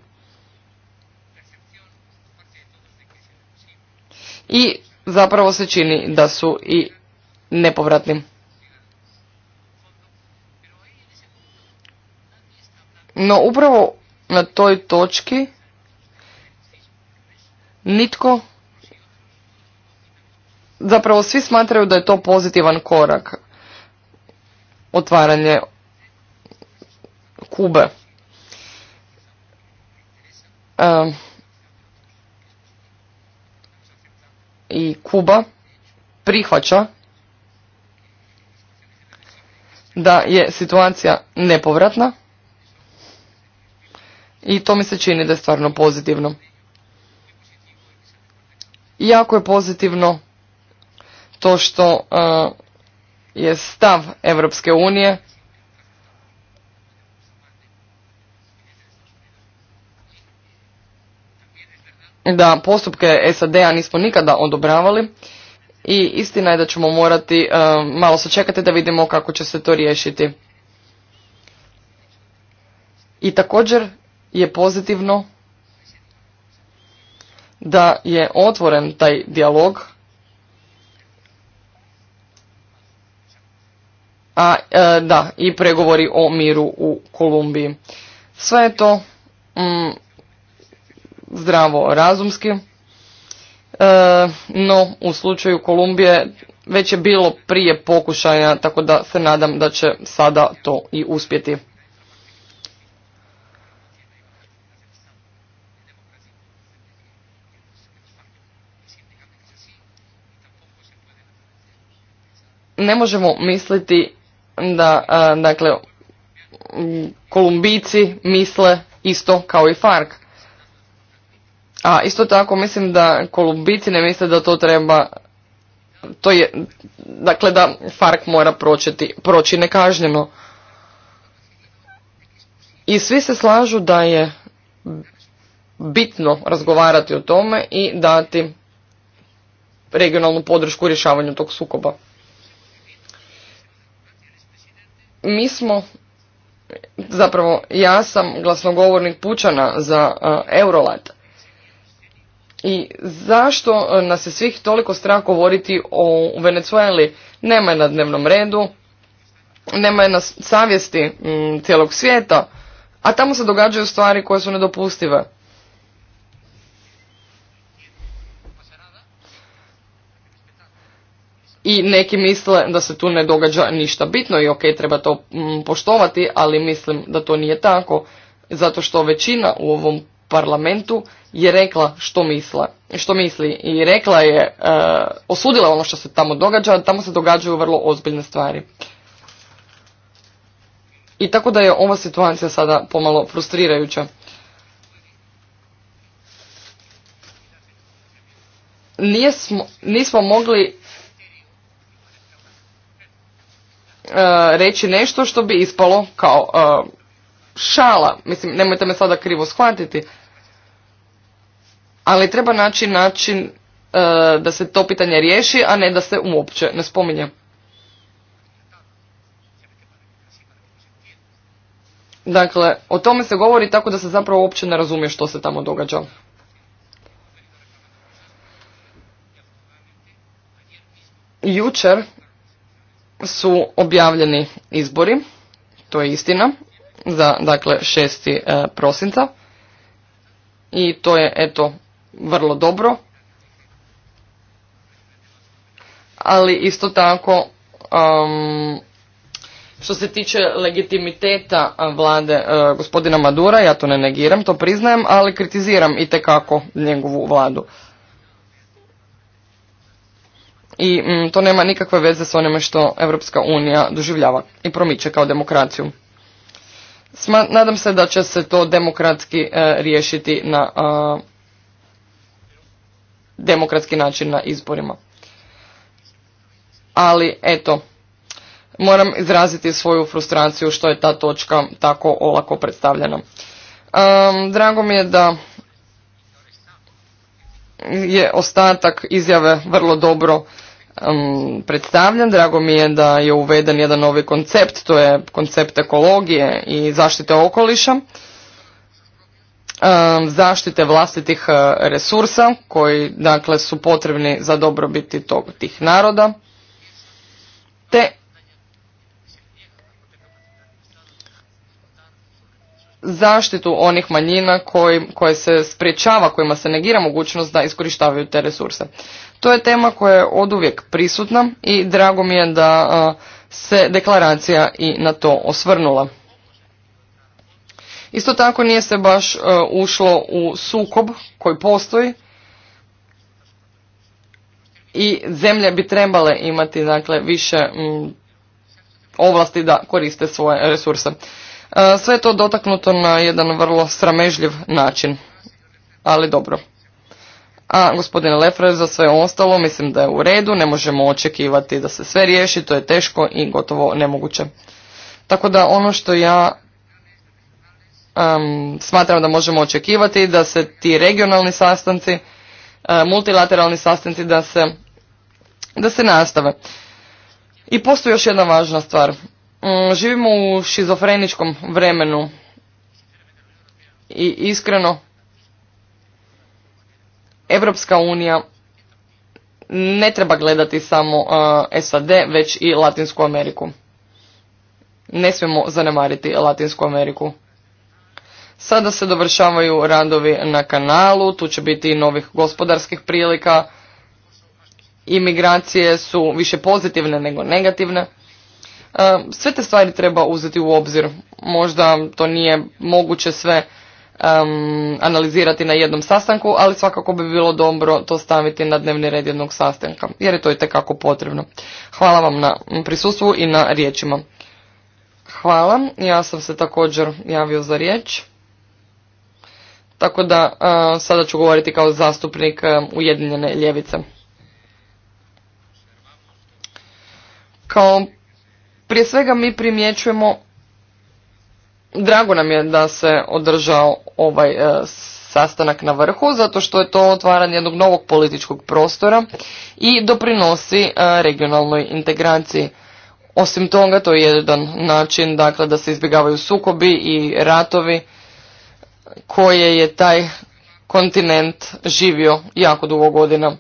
I zapravo se čini da su i nepovratni. No upravo na toj točki nitko zapravo svi smatraju da je to pozitivan korak otvaranje Kube. I Kuba prihvaća da je situacija nepovratna i to mi se čini da je stvarno pozitivno. Jako je pozitivno to što e, je stav Europske unije da postupke SAD-a nismo nikada odobravali i istina je da ćemo morati e, malo sačekati da vidimo kako će se to riješiti. I također je pozitivno da je otvoren taj dijalog a e, da i pregovori o miru u Kolumbiji. Sve je to mm, zdravo razumski, e, no u slučaju Kolumbije već je bilo prije pokušaja, tako da se nadam da će sada to i uspjeti. Ne možemo misliti da e, dakle Kolumbici misle isto kao i Fark. A isto tako mislim da Kolumbici ne misle da to treba to je dakle da Fark mora pročeti, proći nekažnjeno. I svi se slažu da je bitno razgovarati o tome i dati regionalnu podršku u rješavanju tog sukoba. mi smo, zapravo ja sam glasnogovornik pučana za Eurolat. I zašto nas se svih toliko strah govoriti o Venezueli? Nema je na dnevnom redu, nema je na savjesti cijelog svijeta, a tamo se događaju stvari koje su nedopustive. i neki misle da se tu ne događa ništa bitno i ok, treba to mm, poštovati, ali mislim da to nije tako, zato što većina u ovom parlamentu je rekla što, misla, što misli i rekla je, e, osudila ono što se tamo događa, tamo se događaju vrlo ozbiljne stvari. I tako da je ova situacija sada pomalo frustrirajuća. nismo mogli E, reći nešto što bi ispalo kao e, šala. Mislim, nemojte me sada krivo shvatiti. Ali treba naći način e, da se to pitanje riješi, a ne da se uopće ne spominje. Dakle, o tome se govori tako da se zapravo uopće ne razumije što se tamo događa. Jučer su objavljeni izbori, to je istina, za dakle 6. E, prosinca i to je eto vrlo dobro. Ali isto tako što se tiče legitimiteta vlade e, gospodina Madura, ja to ne negiram, to priznajem, ali kritiziram i tekako njegovu vladu i mm, to nema nikakve veze s onime što Europska unija doživljava i promiče kao demokraciju. nadam se da će se to demokratski e, riješiti na demokratski način na izborima. Ali eto, moram izraziti svoju frustraciju što je ta točka tako olako predstavljena. drago mi je da je ostatak izjave vrlo dobro predstavljam. Drago mi je da je uveden jedan novi koncept, to je koncept ekologije i zaštite okoliša, zaštite vlastitih e, resursa koji dakle su potrebni za dobrobiti tog, tih naroda, te zaštitu onih manjina koje se sprječava, kojima se negira mogućnost da iskorištavaju te resurse. To je tema koja je oduvijek prisutna i drago mi je da se deklaracija i na to osvrnula. Isto tako nije se baš ušlo u sukob koji postoji i zemlje bi trebale imati dakle više ovlasti da koriste svoje resurse. E, sve je to dotaknuto na jedan vrlo sramežljiv način, ali dobro. A gospodine Lefre, za sve ostalo mislim da je u redu, ne možemo očekivati da se sve riješi, to je teško i gotovo nemoguće. Tako da ono što ja smatram da možemo očekivati da se ti regionalni sastanci, e, multilateralni sastanci da se, da se nastave. I postoji još jedna važna stvar. Mm, živimo u šizofreničkom vremenu i iskreno Evropska unija ne treba gledati samo uh, SAD, već i Latinsku Ameriku. Ne smijemo zanemariti Latinsku Ameriku. Sada se dovršavaju radovi na kanalu, tu će biti i novih gospodarskih prilika. Imigracije su više pozitivne nego negativne. Eh, sve te stvari treba uzeti u obzir. Možda to nije moguće sve analizirati na jednom sastanku, ali svakako bi bilo dobro to staviti na dnevni red jednog sastanka, jer je to i tekako potrebno. Hvala vam na prisustvu i na riječima. Hvala, ja sam se također javio za riječ. Tako da eh, sada ću govoriti kao zastupnik eh, Ujedinjene ljevice. Kao prije svega mi primjećujemo, drago nam je da se održao ovaj e, sastanak na vrhu, zato što je to otvaranje jednog novog političkog prostora i doprinosi e, regionalnoj integraciji. Osim toga, to je jedan način dakle, da se izbjegavaju sukobi i ratovi koje je taj kontinent živio jako dugo godina.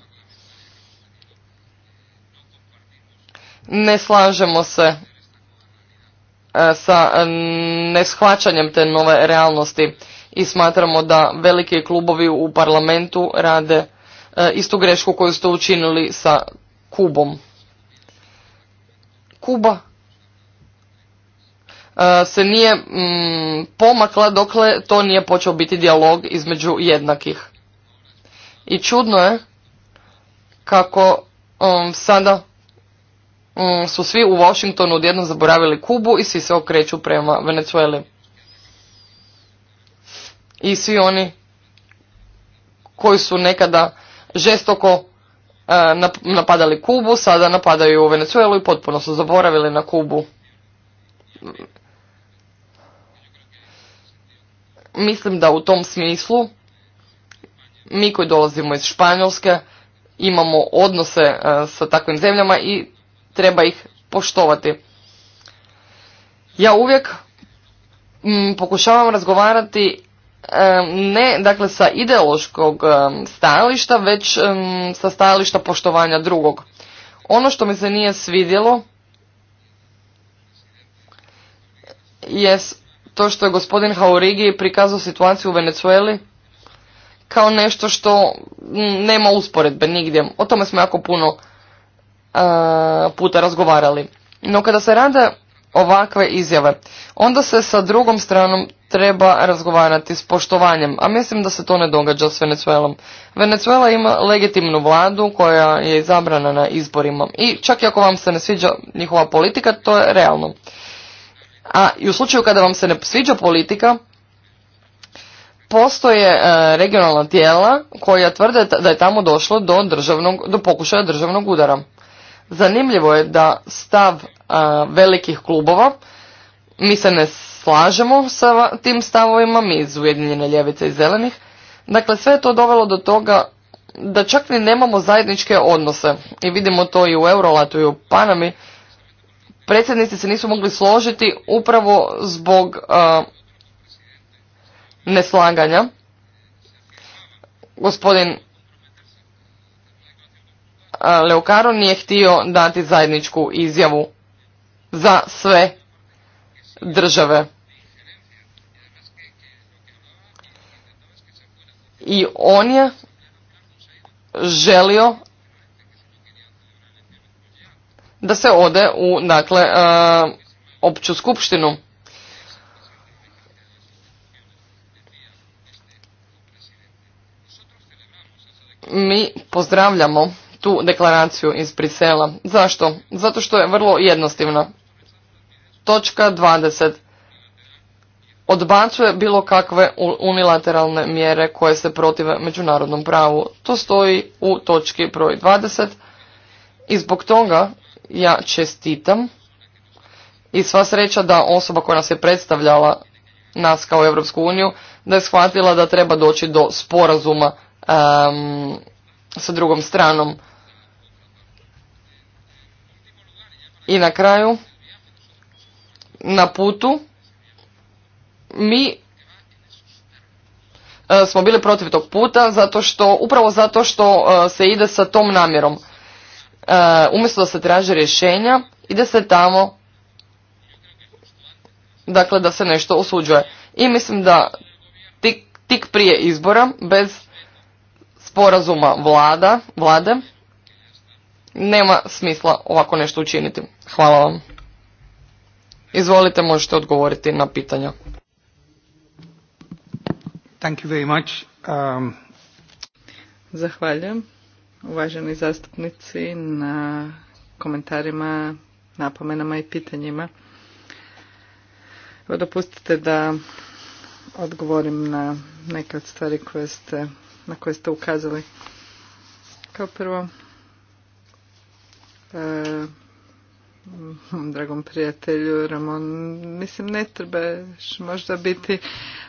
Ne slažemo se E, sa e, neshvaćanjem te nove realnosti i smatramo da veliki klubovi u parlamentu rade e, istu grešku koju ste učinili sa Kubom. Kuba se nije mm, pomakla dokle to nije počeo biti dijalog između jednakih. I čudno je kako mm, sada Mm, su svi u Washingtonu odjedno zaboravili Kubu i svi se okreću prema Venezueli. I svi oni koji su nekada žestoko e, napadali Kubu, sada napadaju Venezuelu i potpuno su zaboravili na Kubu. Mislim da u tom smislu mi koji dolazimo iz Španjolske imamo odnose e, sa takvim zemljama i treba ih poštovati. Ja uvijek mm, pokušavam razgovarati ne dakle sa ideološkog stajališta, već sa stajališta poštovanja drugog. Ono što mi se nije svidjelo je to što je gospodin Haurigi prikazao situaciju u Venecueli kao nešto što mm, nema usporedbe nigdje. O tome smo jako puno E, puta razgovarali. No kada se rade ovakve izjave, onda se sa drugom stranom treba razgovarati s poštovanjem, a mislim da se to ne događa s Venezuelom. Venezuela ima legitimnu vladu koja je izabrana na izborima i čak i ako vam se ne sviđa njihova politika, to je realno. A i u slučaju kada vam se ne sviđa politika, postoje e, regionalna tijela koja tvrde da je tamo došlo do, državnog, do pokušaja državnog udara. Zanimljivo je da stav e, velikih klubova, mi se ne slažemo sa tim stavovima, mi iz Ujedinjene ljevice i zelenih, dakle sve je to dovelo do toga da čak ni nemamo zajedničke odnose i vidimo to i u Eurolatu i u Panami, predsjednici se nisu mogli složiti upravo zbog e, neslaganja. Gospodin Leokaro nije htio dati zajedničku izjavu za sve države. I on je želio da se ode u dakle, e, opću skupštinu. Mi pozdravljamo tu deklaraciju iz Brisela. Zašto? Zato što je vrlo jednostavna. Točka 20. Odbacuje bilo kakve unilateralne mjere koje se protive međunarodnom pravu. To stoji u točki broj 20 i zbog toga ja čestitam i sva sreća da osoba koja nas je predstavljala nas kao Europsku uniju, da je shvatila da treba doći do sporazuma sa drugom stranom. I na kraju, na putu, mi e, smo bili protiv tog puta zato što, upravo zato što e, se ide sa tom namjerom. E, umjesto da se traže rješenja, ide se tamo dakle da se nešto osuđuje. I mislim da tik, prije izbora, bez sporazuma vlada, vlade, nema smisla ovako nešto učiniti. Hvala vam. Izvolite, možete odgovoriti na pitanja. Thank you very much. Um, Zahvaljujem uvaženi zastupnici na komentarima, napomenama i pitanjima. Evo dopustite da odgovorim na neke od stvari koje ste, na koje ste ukazali. Kao prvo, E, dragom prijatelju Ramon, mislim ne treba možda biti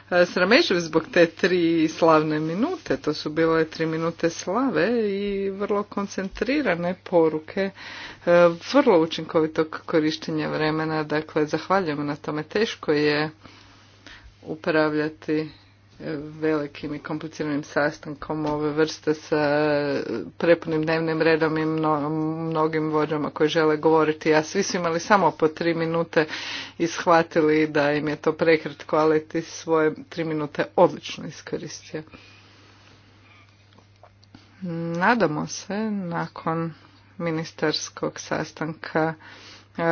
e, srameživ zbog te tri slavne minute. To su bile tri minute slave i vrlo koncentrirane poruke, e, vrlo učinkovitog korištenja vremena. Dakle, zahvaljujem na tome. Teško je upravljati velikim i kompliciranim sastankom ove vrste sa prepunim dnevnim redom i mnogim vođama koji žele govoriti. A svi su imali samo po tri minute i shvatili da im je to prekratko, ali ti svoje tri minute odlično iskoristio. Nadamo se nakon ministarskog sastanka E,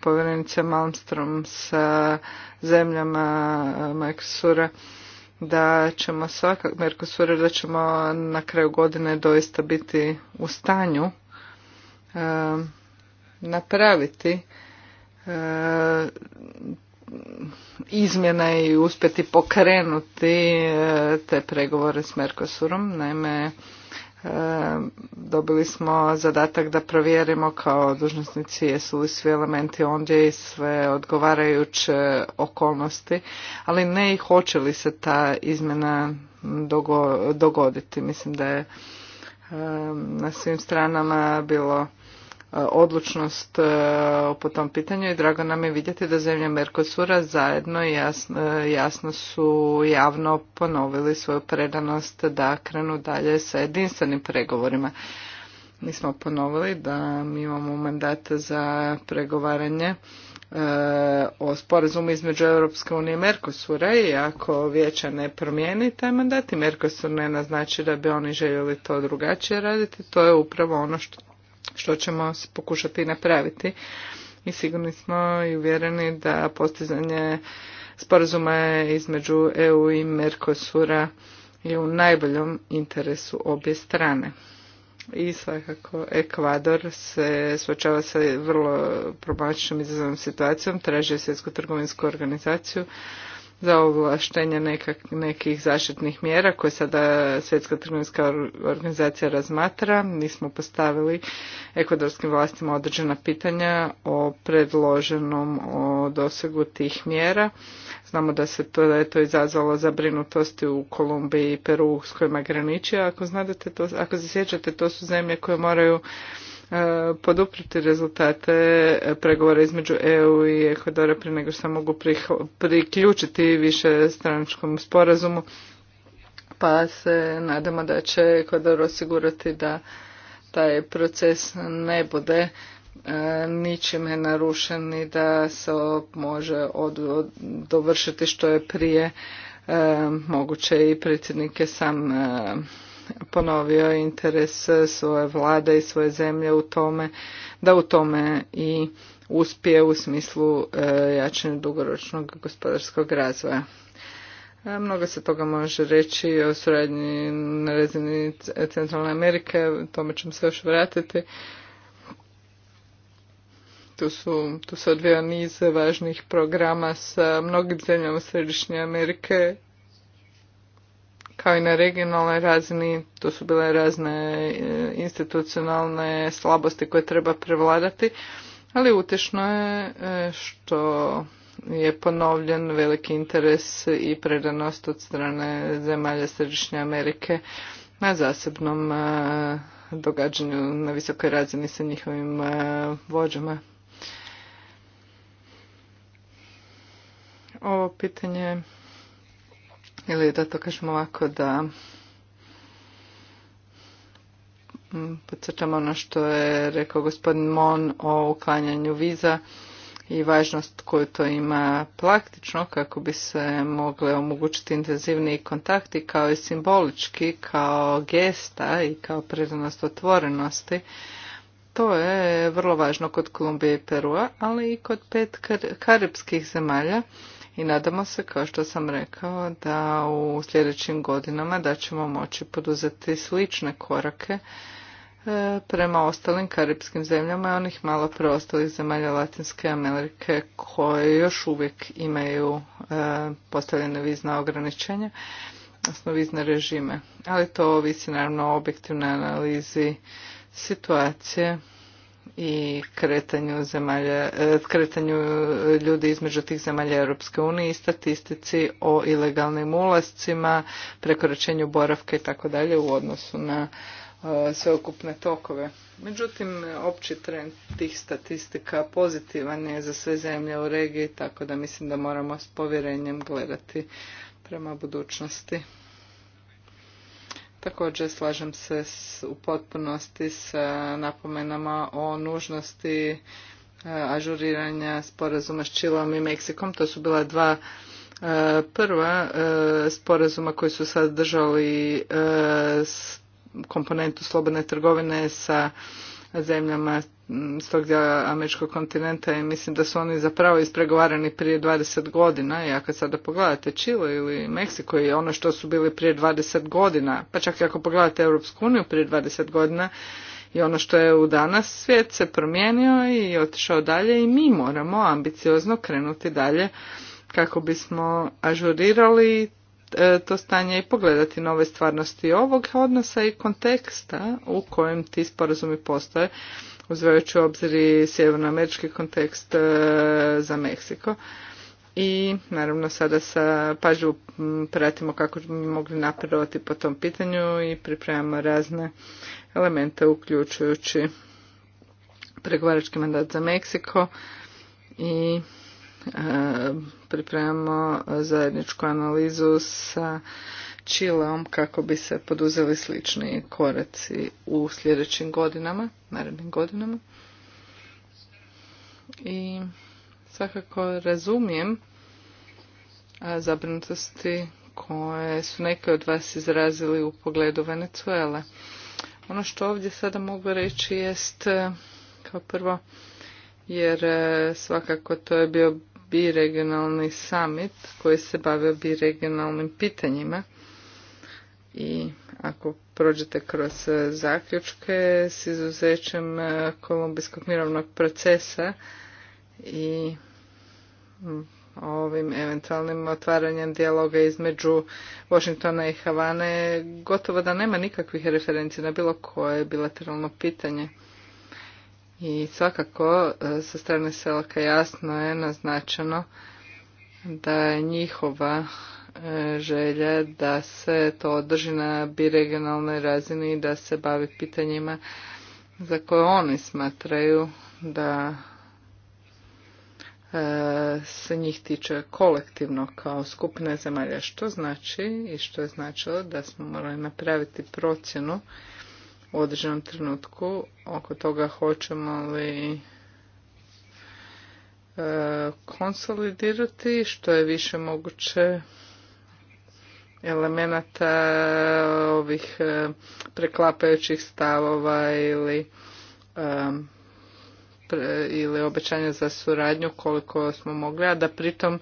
povjerenice Malmstrom sa zemljama Mercosura da ćemo svakak Mercosura da ćemo na kraju godine doista biti u stanju e, napraviti e, izmjene i uspjeti pokrenuti te pregovore s Mercosurom. Naime, E, dobili smo zadatak da provjerimo kao dužnosnici jesu li svi elementi ondje i sve odgovarajuće okolnosti, ali ne i hoće li se ta izmjena dogoditi. Mislim da je e, na svim stranama bilo E, odlučnost e, po tom pitanju i drago nam je vidjeti da zemlje Merkosura zajedno jasno, e, jasno su javno ponovili svoju predanost da krenu dalje sa jedinstvenim pregovorima. Mi smo ponovili da mi imamo mandate za pregovaranje o sporazumu između Europske unije i Merkosura i ako vijeća ne promijeni taj mandat i Merkosur ne naznači da bi oni željeli to drugačije raditi, to je upravo ono što što ćemo pokušati napraviti. I sigurni smo i uvjereni da postizanje sporazuma između EU i Mercosura je u najboljom interesu obje strane. I svakako Ekvador se suočava sa vrlo problematičnom izazovnom situacijom, traži svjetsku trgovinsku organizaciju za ovlaštenje nekih zaštitnih mjera koje sada Svjetska trgovinska organizacija razmatra. Mi smo postavili ekvadorskim vlastima određena pitanja o predloženom o dosegu tih mjera. Znamo da se to, je to izazvalo zabrinutosti u Kolumbiji i Peru s kojima graniči. Ako, znate to, ako se sjećate, to su zemlje koje moraju podupriti rezultate pregovora između EU i Ekvadora prije nego što mogu priključiti više straničkom sporazumu. Pa se nadamo da će Ekvador osigurati da taj proces ne bude e, ničime narušen i da se može od, dovršiti što je prije e, moguće i predsjednike sam e, ponovio interes svoje vlade i svoje zemlje u tome da u tome i uspije u smislu e, jačanja dugoročnog gospodarskog razvoja. E, mnogo se toga može reći o suradnji na razini Centralne Amerike, tome ćemo se još vratiti. Tu, su, tu se odvija niz važnih programa sa mnogim zemljama Središnje Amerike kao i na regionalnoj razini. to su bile razne e, institucionalne slabosti koje treba prevladati, ali utešno je e, što je ponovljen veliki interes i predanost od strane zemalja Središnje Amerike na zasebnom e, događanju na visokoj razini sa njihovim vođama. Ovo pitanje ili da to kažem ovako da mm, podcrtam ono što je rekao gospodin Mon o uklanjanju viza i važnost koju to ima praktično kako bi se mogle omogućiti intenzivniji kontakti kao i simbolički, kao gesta i kao predanost otvorenosti. To je vrlo važno kod Kolumbije i Perua, ali i kod pet karibskih zemalja i nadamo se, kao što sam rekao, da u sljedećim godinama da ćemo moći poduzeti slične korake e, prema ostalim karipskim zemljama i onih malo preostalih zemalja Latinske Amerike koje još uvijek imaju e, postavljene vizna ograničenja, odnosno vizne režime. Ali to ovisi naravno o objektivnoj analizi situacije i kretanju, zemalja, e, kretanju ljudi između tih zemalja Europske unije i statistici o ilegalnim ulascima, prekoračenju boravka i tako dalje u odnosu na e, sveukupne tokove. Međutim, opći trend tih statistika pozitivan je za sve zemlje u regiji, tako da mislim da moramo s povjerenjem gledati prema budućnosti. Također slažem se u potpunosti sa napomenama o nužnosti e, ažuriranja sporazuma s Čilom i Meksikom. To su bila dva e, prva e, sporazuma koji su sadržali komponentu slobodne trgovine sa zemljama s tog dijela američkog kontinenta i mislim da su oni zapravo ispregovarani prije 20 godina i ako sada pogledate Čile ili Meksiko i ono što su bili prije 20 godina, pa čak i ako pogledate Europsku uniju prije 20 godina i ono što je u danas svijet se promijenio i otišao dalje i mi moramo ambiciozno krenuti dalje kako bismo ažurirali E, to stanje i pogledati nove stvarnosti ovog odnosa i konteksta u kojem ti sporazumi postoje, uzvajući u obzir i sjevernoamerički kontekst e, za Meksiko. I naravno sada sa pažnju pratimo kako bi mogli napredovati po tom pitanju i pripremamo razne elemente uključujući pregovarački mandat za Meksiko i pripremamo zajedničku analizu sa Čileom kako bi se poduzeli slični koraci u sljedećim godinama, narednim godinama. I svakako razumijem zabrinutosti koje su neke od vas izrazili u pogledu Venecuele. Ono što ovdje sada mogu reći jest kao prvo jer svakako to je bio biregionalni summit koji se bavio biregionalnim pitanjima i ako prođete kroz e, zaključke s izuzećem e, kolumbijskog mirovnog procesa i ovim eventualnim otvaranjem dijaloga između Washingtona i Havane gotovo da nema nikakvih referenci na bilo koje bilateralno pitanje. I svakako e, sa strane Selaka jasno je naznačeno da je njihova e, želja da se to održi na biregionalnoj razini i da se bavi pitanjima za koje oni smatraju da e, se njih tiče kolektivno kao skupine zemalja. Što znači i što je značilo da smo morali napraviti procjenu u određenom trenutku oko toga hoćemo li e, konsolidirati što je više moguće elemenata ovih e, preklapajućih stavova ili e, ili obećanja za suradnju koliko smo mogli, a da pritom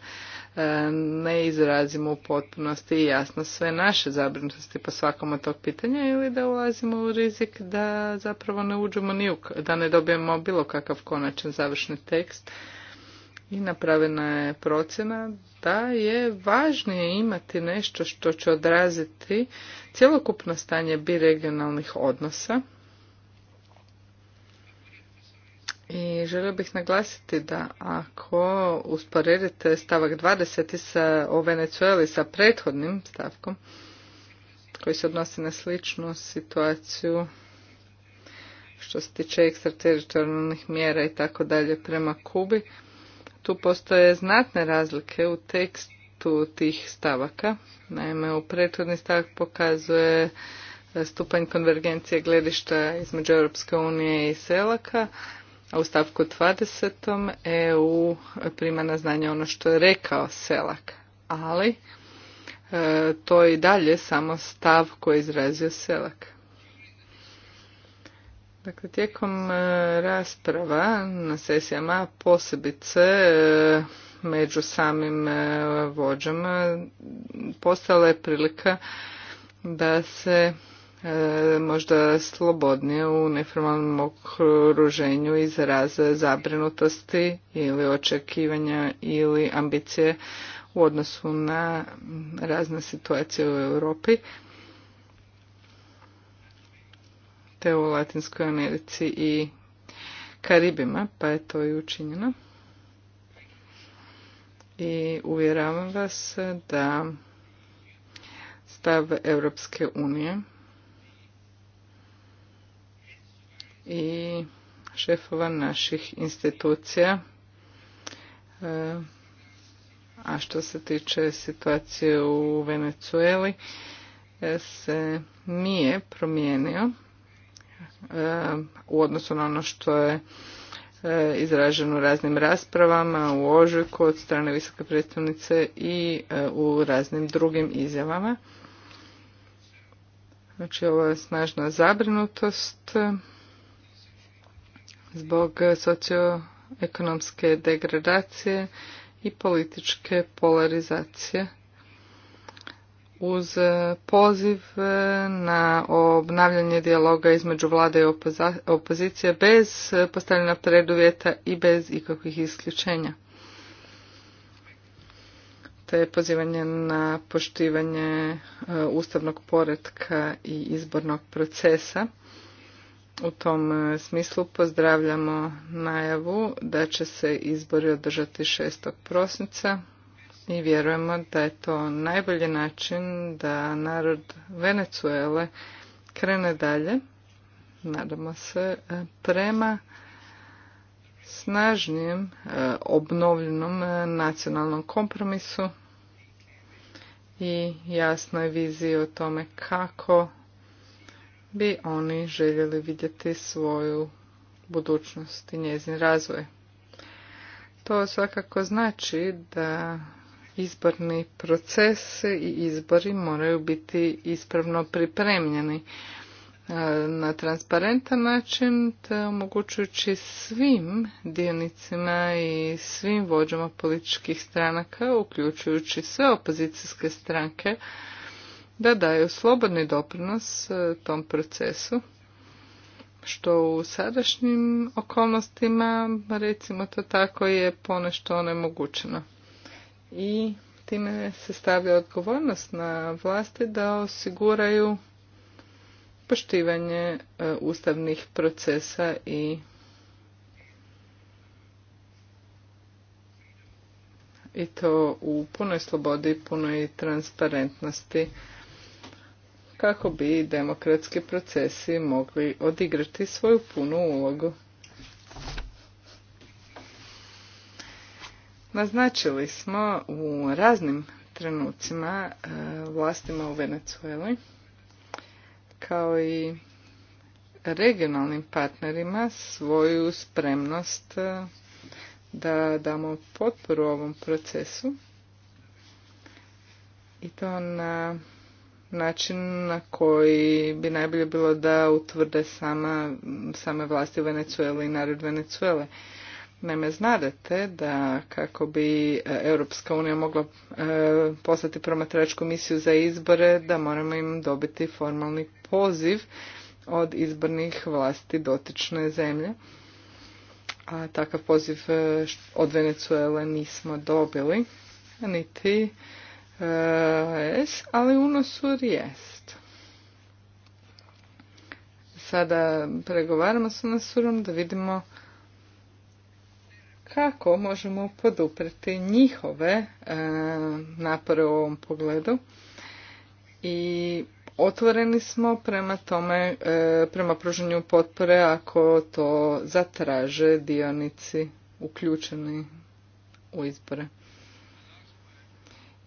E, ne izrazimo u potpunosti i jasno sve naše zabrinutosti po svakom od tog pitanja ili da ulazimo u rizik da zapravo ne uđemo ni u, da ne dobijemo bilo kakav konačan završni tekst. I napravena je procjena da je važnije imati nešto što će odraziti cjelokupno stanje biregionalnih odnosa I želio bih naglasiti da ako usporedite stavak 20. o Venecueli sa prethodnim stavkom, koji se odnosi na sličnu situaciju što se tiče ekstrateritorijalnih mjera i tako dalje prema Kubi, tu postoje znatne razlike u tekstu tih stavaka. Naime, u prethodni stavak pokazuje stupanj konvergencije gledišta između Europske unije i Selaka, a u stavku 20. EU prima na znanje ono što je rekao Selak, ali e, to je i dalje samo stav koji je izrazio Selak. Dakle, tijekom e, rasprava na sesijama posebice e, među samim vođama postala je prilika da se E, možda slobodnije u neformalnom okruženju izraze zabrinutosti ili očekivanja ili ambicije u odnosu na razne situacije u Europi te u Latinskoj Americi i Karibima, pa je to i učinjeno. I uvjeravam vas da stav Europske unije i šefova naših institucija. E, a što se tiče situacije u Venecueli, e, se nije promijenio e, u odnosu na ono što je izraženo u raznim raspravama, u ožujku od strane visoke predstavnice i u raznim drugim izjavama. Znači ovo je snažna zabrinutost zbog socioekonomske degradacije i političke polarizacije uz poziv na obnavljanje dijaloga između vlade i opozicije bez postavljena preduvjeta i bez ikakvih isključenja. je pozivanje na poštivanje e, ustavnog poretka i izbornog procesa u tom e, smislu pozdravljamo najavu da će se izbori održati 6. prosinca i vjerujemo da je to najbolji način da narod Venecuele krene dalje, nadamo se, e, prema snažnijem e, obnovljenom nacionalnom kompromisu i jasnoj viziji o tome kako bi oni željeli vidjeti svoju budućnost i njezin razvoj. To svakako znači da izborni proces i izbori moraju biti ispravno pripremljeni e, na transparentan način, te omogućujući svim dionicima i svim vođama političkih stranaka, uključujući sve opozicijske stranke, da daju slobodni doprinos e, tom procesu, što u sadašnjim okolnostima, recimo to tako, je ponešto onemogućeno. I time se stavlja odgovornost na vlasti da osiguraju poštivanje e, ustavnih procesa i i to u punoj slobodi, punoj transparentnosti kako bi demokratski procesi mogli odigrati svoju punu ulogu. Naznačili smo u raznim trenucima e, vlastima u Venezueli kao i regionalnim partnerima svoju spremnost e, da damo potporu ovom procesu i to na način na koji bi najbolje bilo da utvrde sama, same vlasti u i narod Venezuele. Naime, znadete da kako bi e, Europska unija mogla e, poslati promatračku misiju za izbore, da moramo im dobiti formalni poziv od izbornih vlasti dotične zemlje. A takav poziv e, od Venezuele nismo dobili, niti E, S, ali unosur jest. Sada pregovaramo sa nasurom da vidimo kako možemo poduprijeti njihove e, napore u ovom pogledu i otvoreni smo prema tome, e, prema pružanju potpore ako to zatraže dionici uključeni u izbore.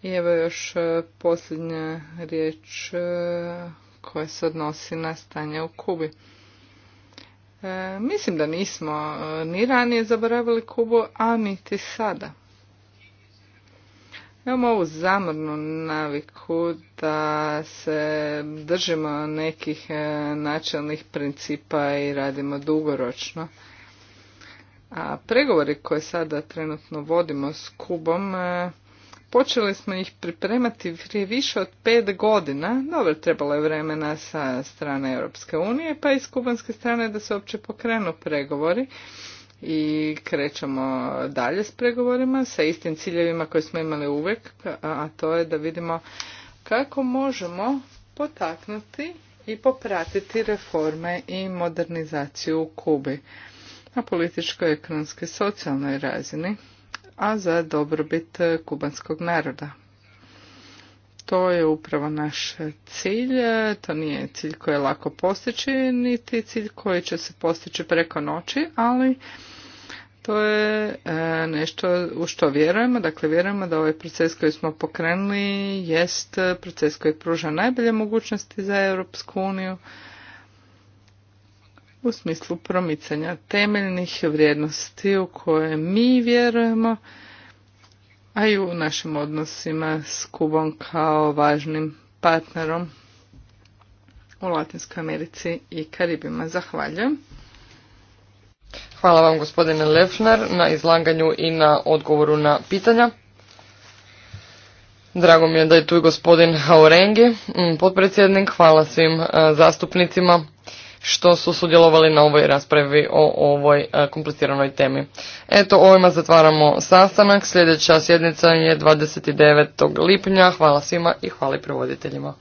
I evo još e, posljednja riječ e, koja se odnosi na stanje u Kubi. E, mislim da nismo ni ranije zaboravili Kubu, a niti sada. Imamo ovu zamrnu naviku da se držimo nekih načelnih principa i radimo dugoročno. A pregovori koje sada trenutno vodimo s Kubom Počeli smo ih pripremati prije više od pet godina, dobro trebalo je vremena sa strane Europske unije, pa i s kubanske strane da se uopće pokrenu pregovori i krećemo dalje s pregovorima sa istim ciljevima koje smo imali uvijek, a to je da vidimo kako možemo potaknuti i popratiti reforme i modernizaciju u Kubi na političkoj, ekonomskoj, socijalnoj razini a za dobrobit kubanskog naroda. To je upravo naš cilj, to nije cilj koji je lako postići, niti cilj koji će se postići preko noći, ali to je e, nešto u što vjerujemo. Dakle, vjerujemo da ovaj proces koji smo pokrenuli jest proces koji pruža najbolje mogućnosti za Europsku uniju u smislu promicanja temeljnih vrijednosti u koje mi vjerujemo, a i u našim odnosima s Kubom kao važnim partnerom u Latinskoj Americi i Karibima. Zahvaljujem. Hvala vam gospodine Lefner na izlaganju i na odgovoru na pitanja. Drago mi je da je tu i gospodin Haurengi, mm, potpredsjednik. Hvala svim e, zastupnicima što su sudjelovali na ovoj raspravi o ovoj e, kompliciranoj temi. Eto, ovima zatvaramo sastanak. Sljedeća sjednica je 29. lipnja. Hvala svima i hvala i prevoditeljima.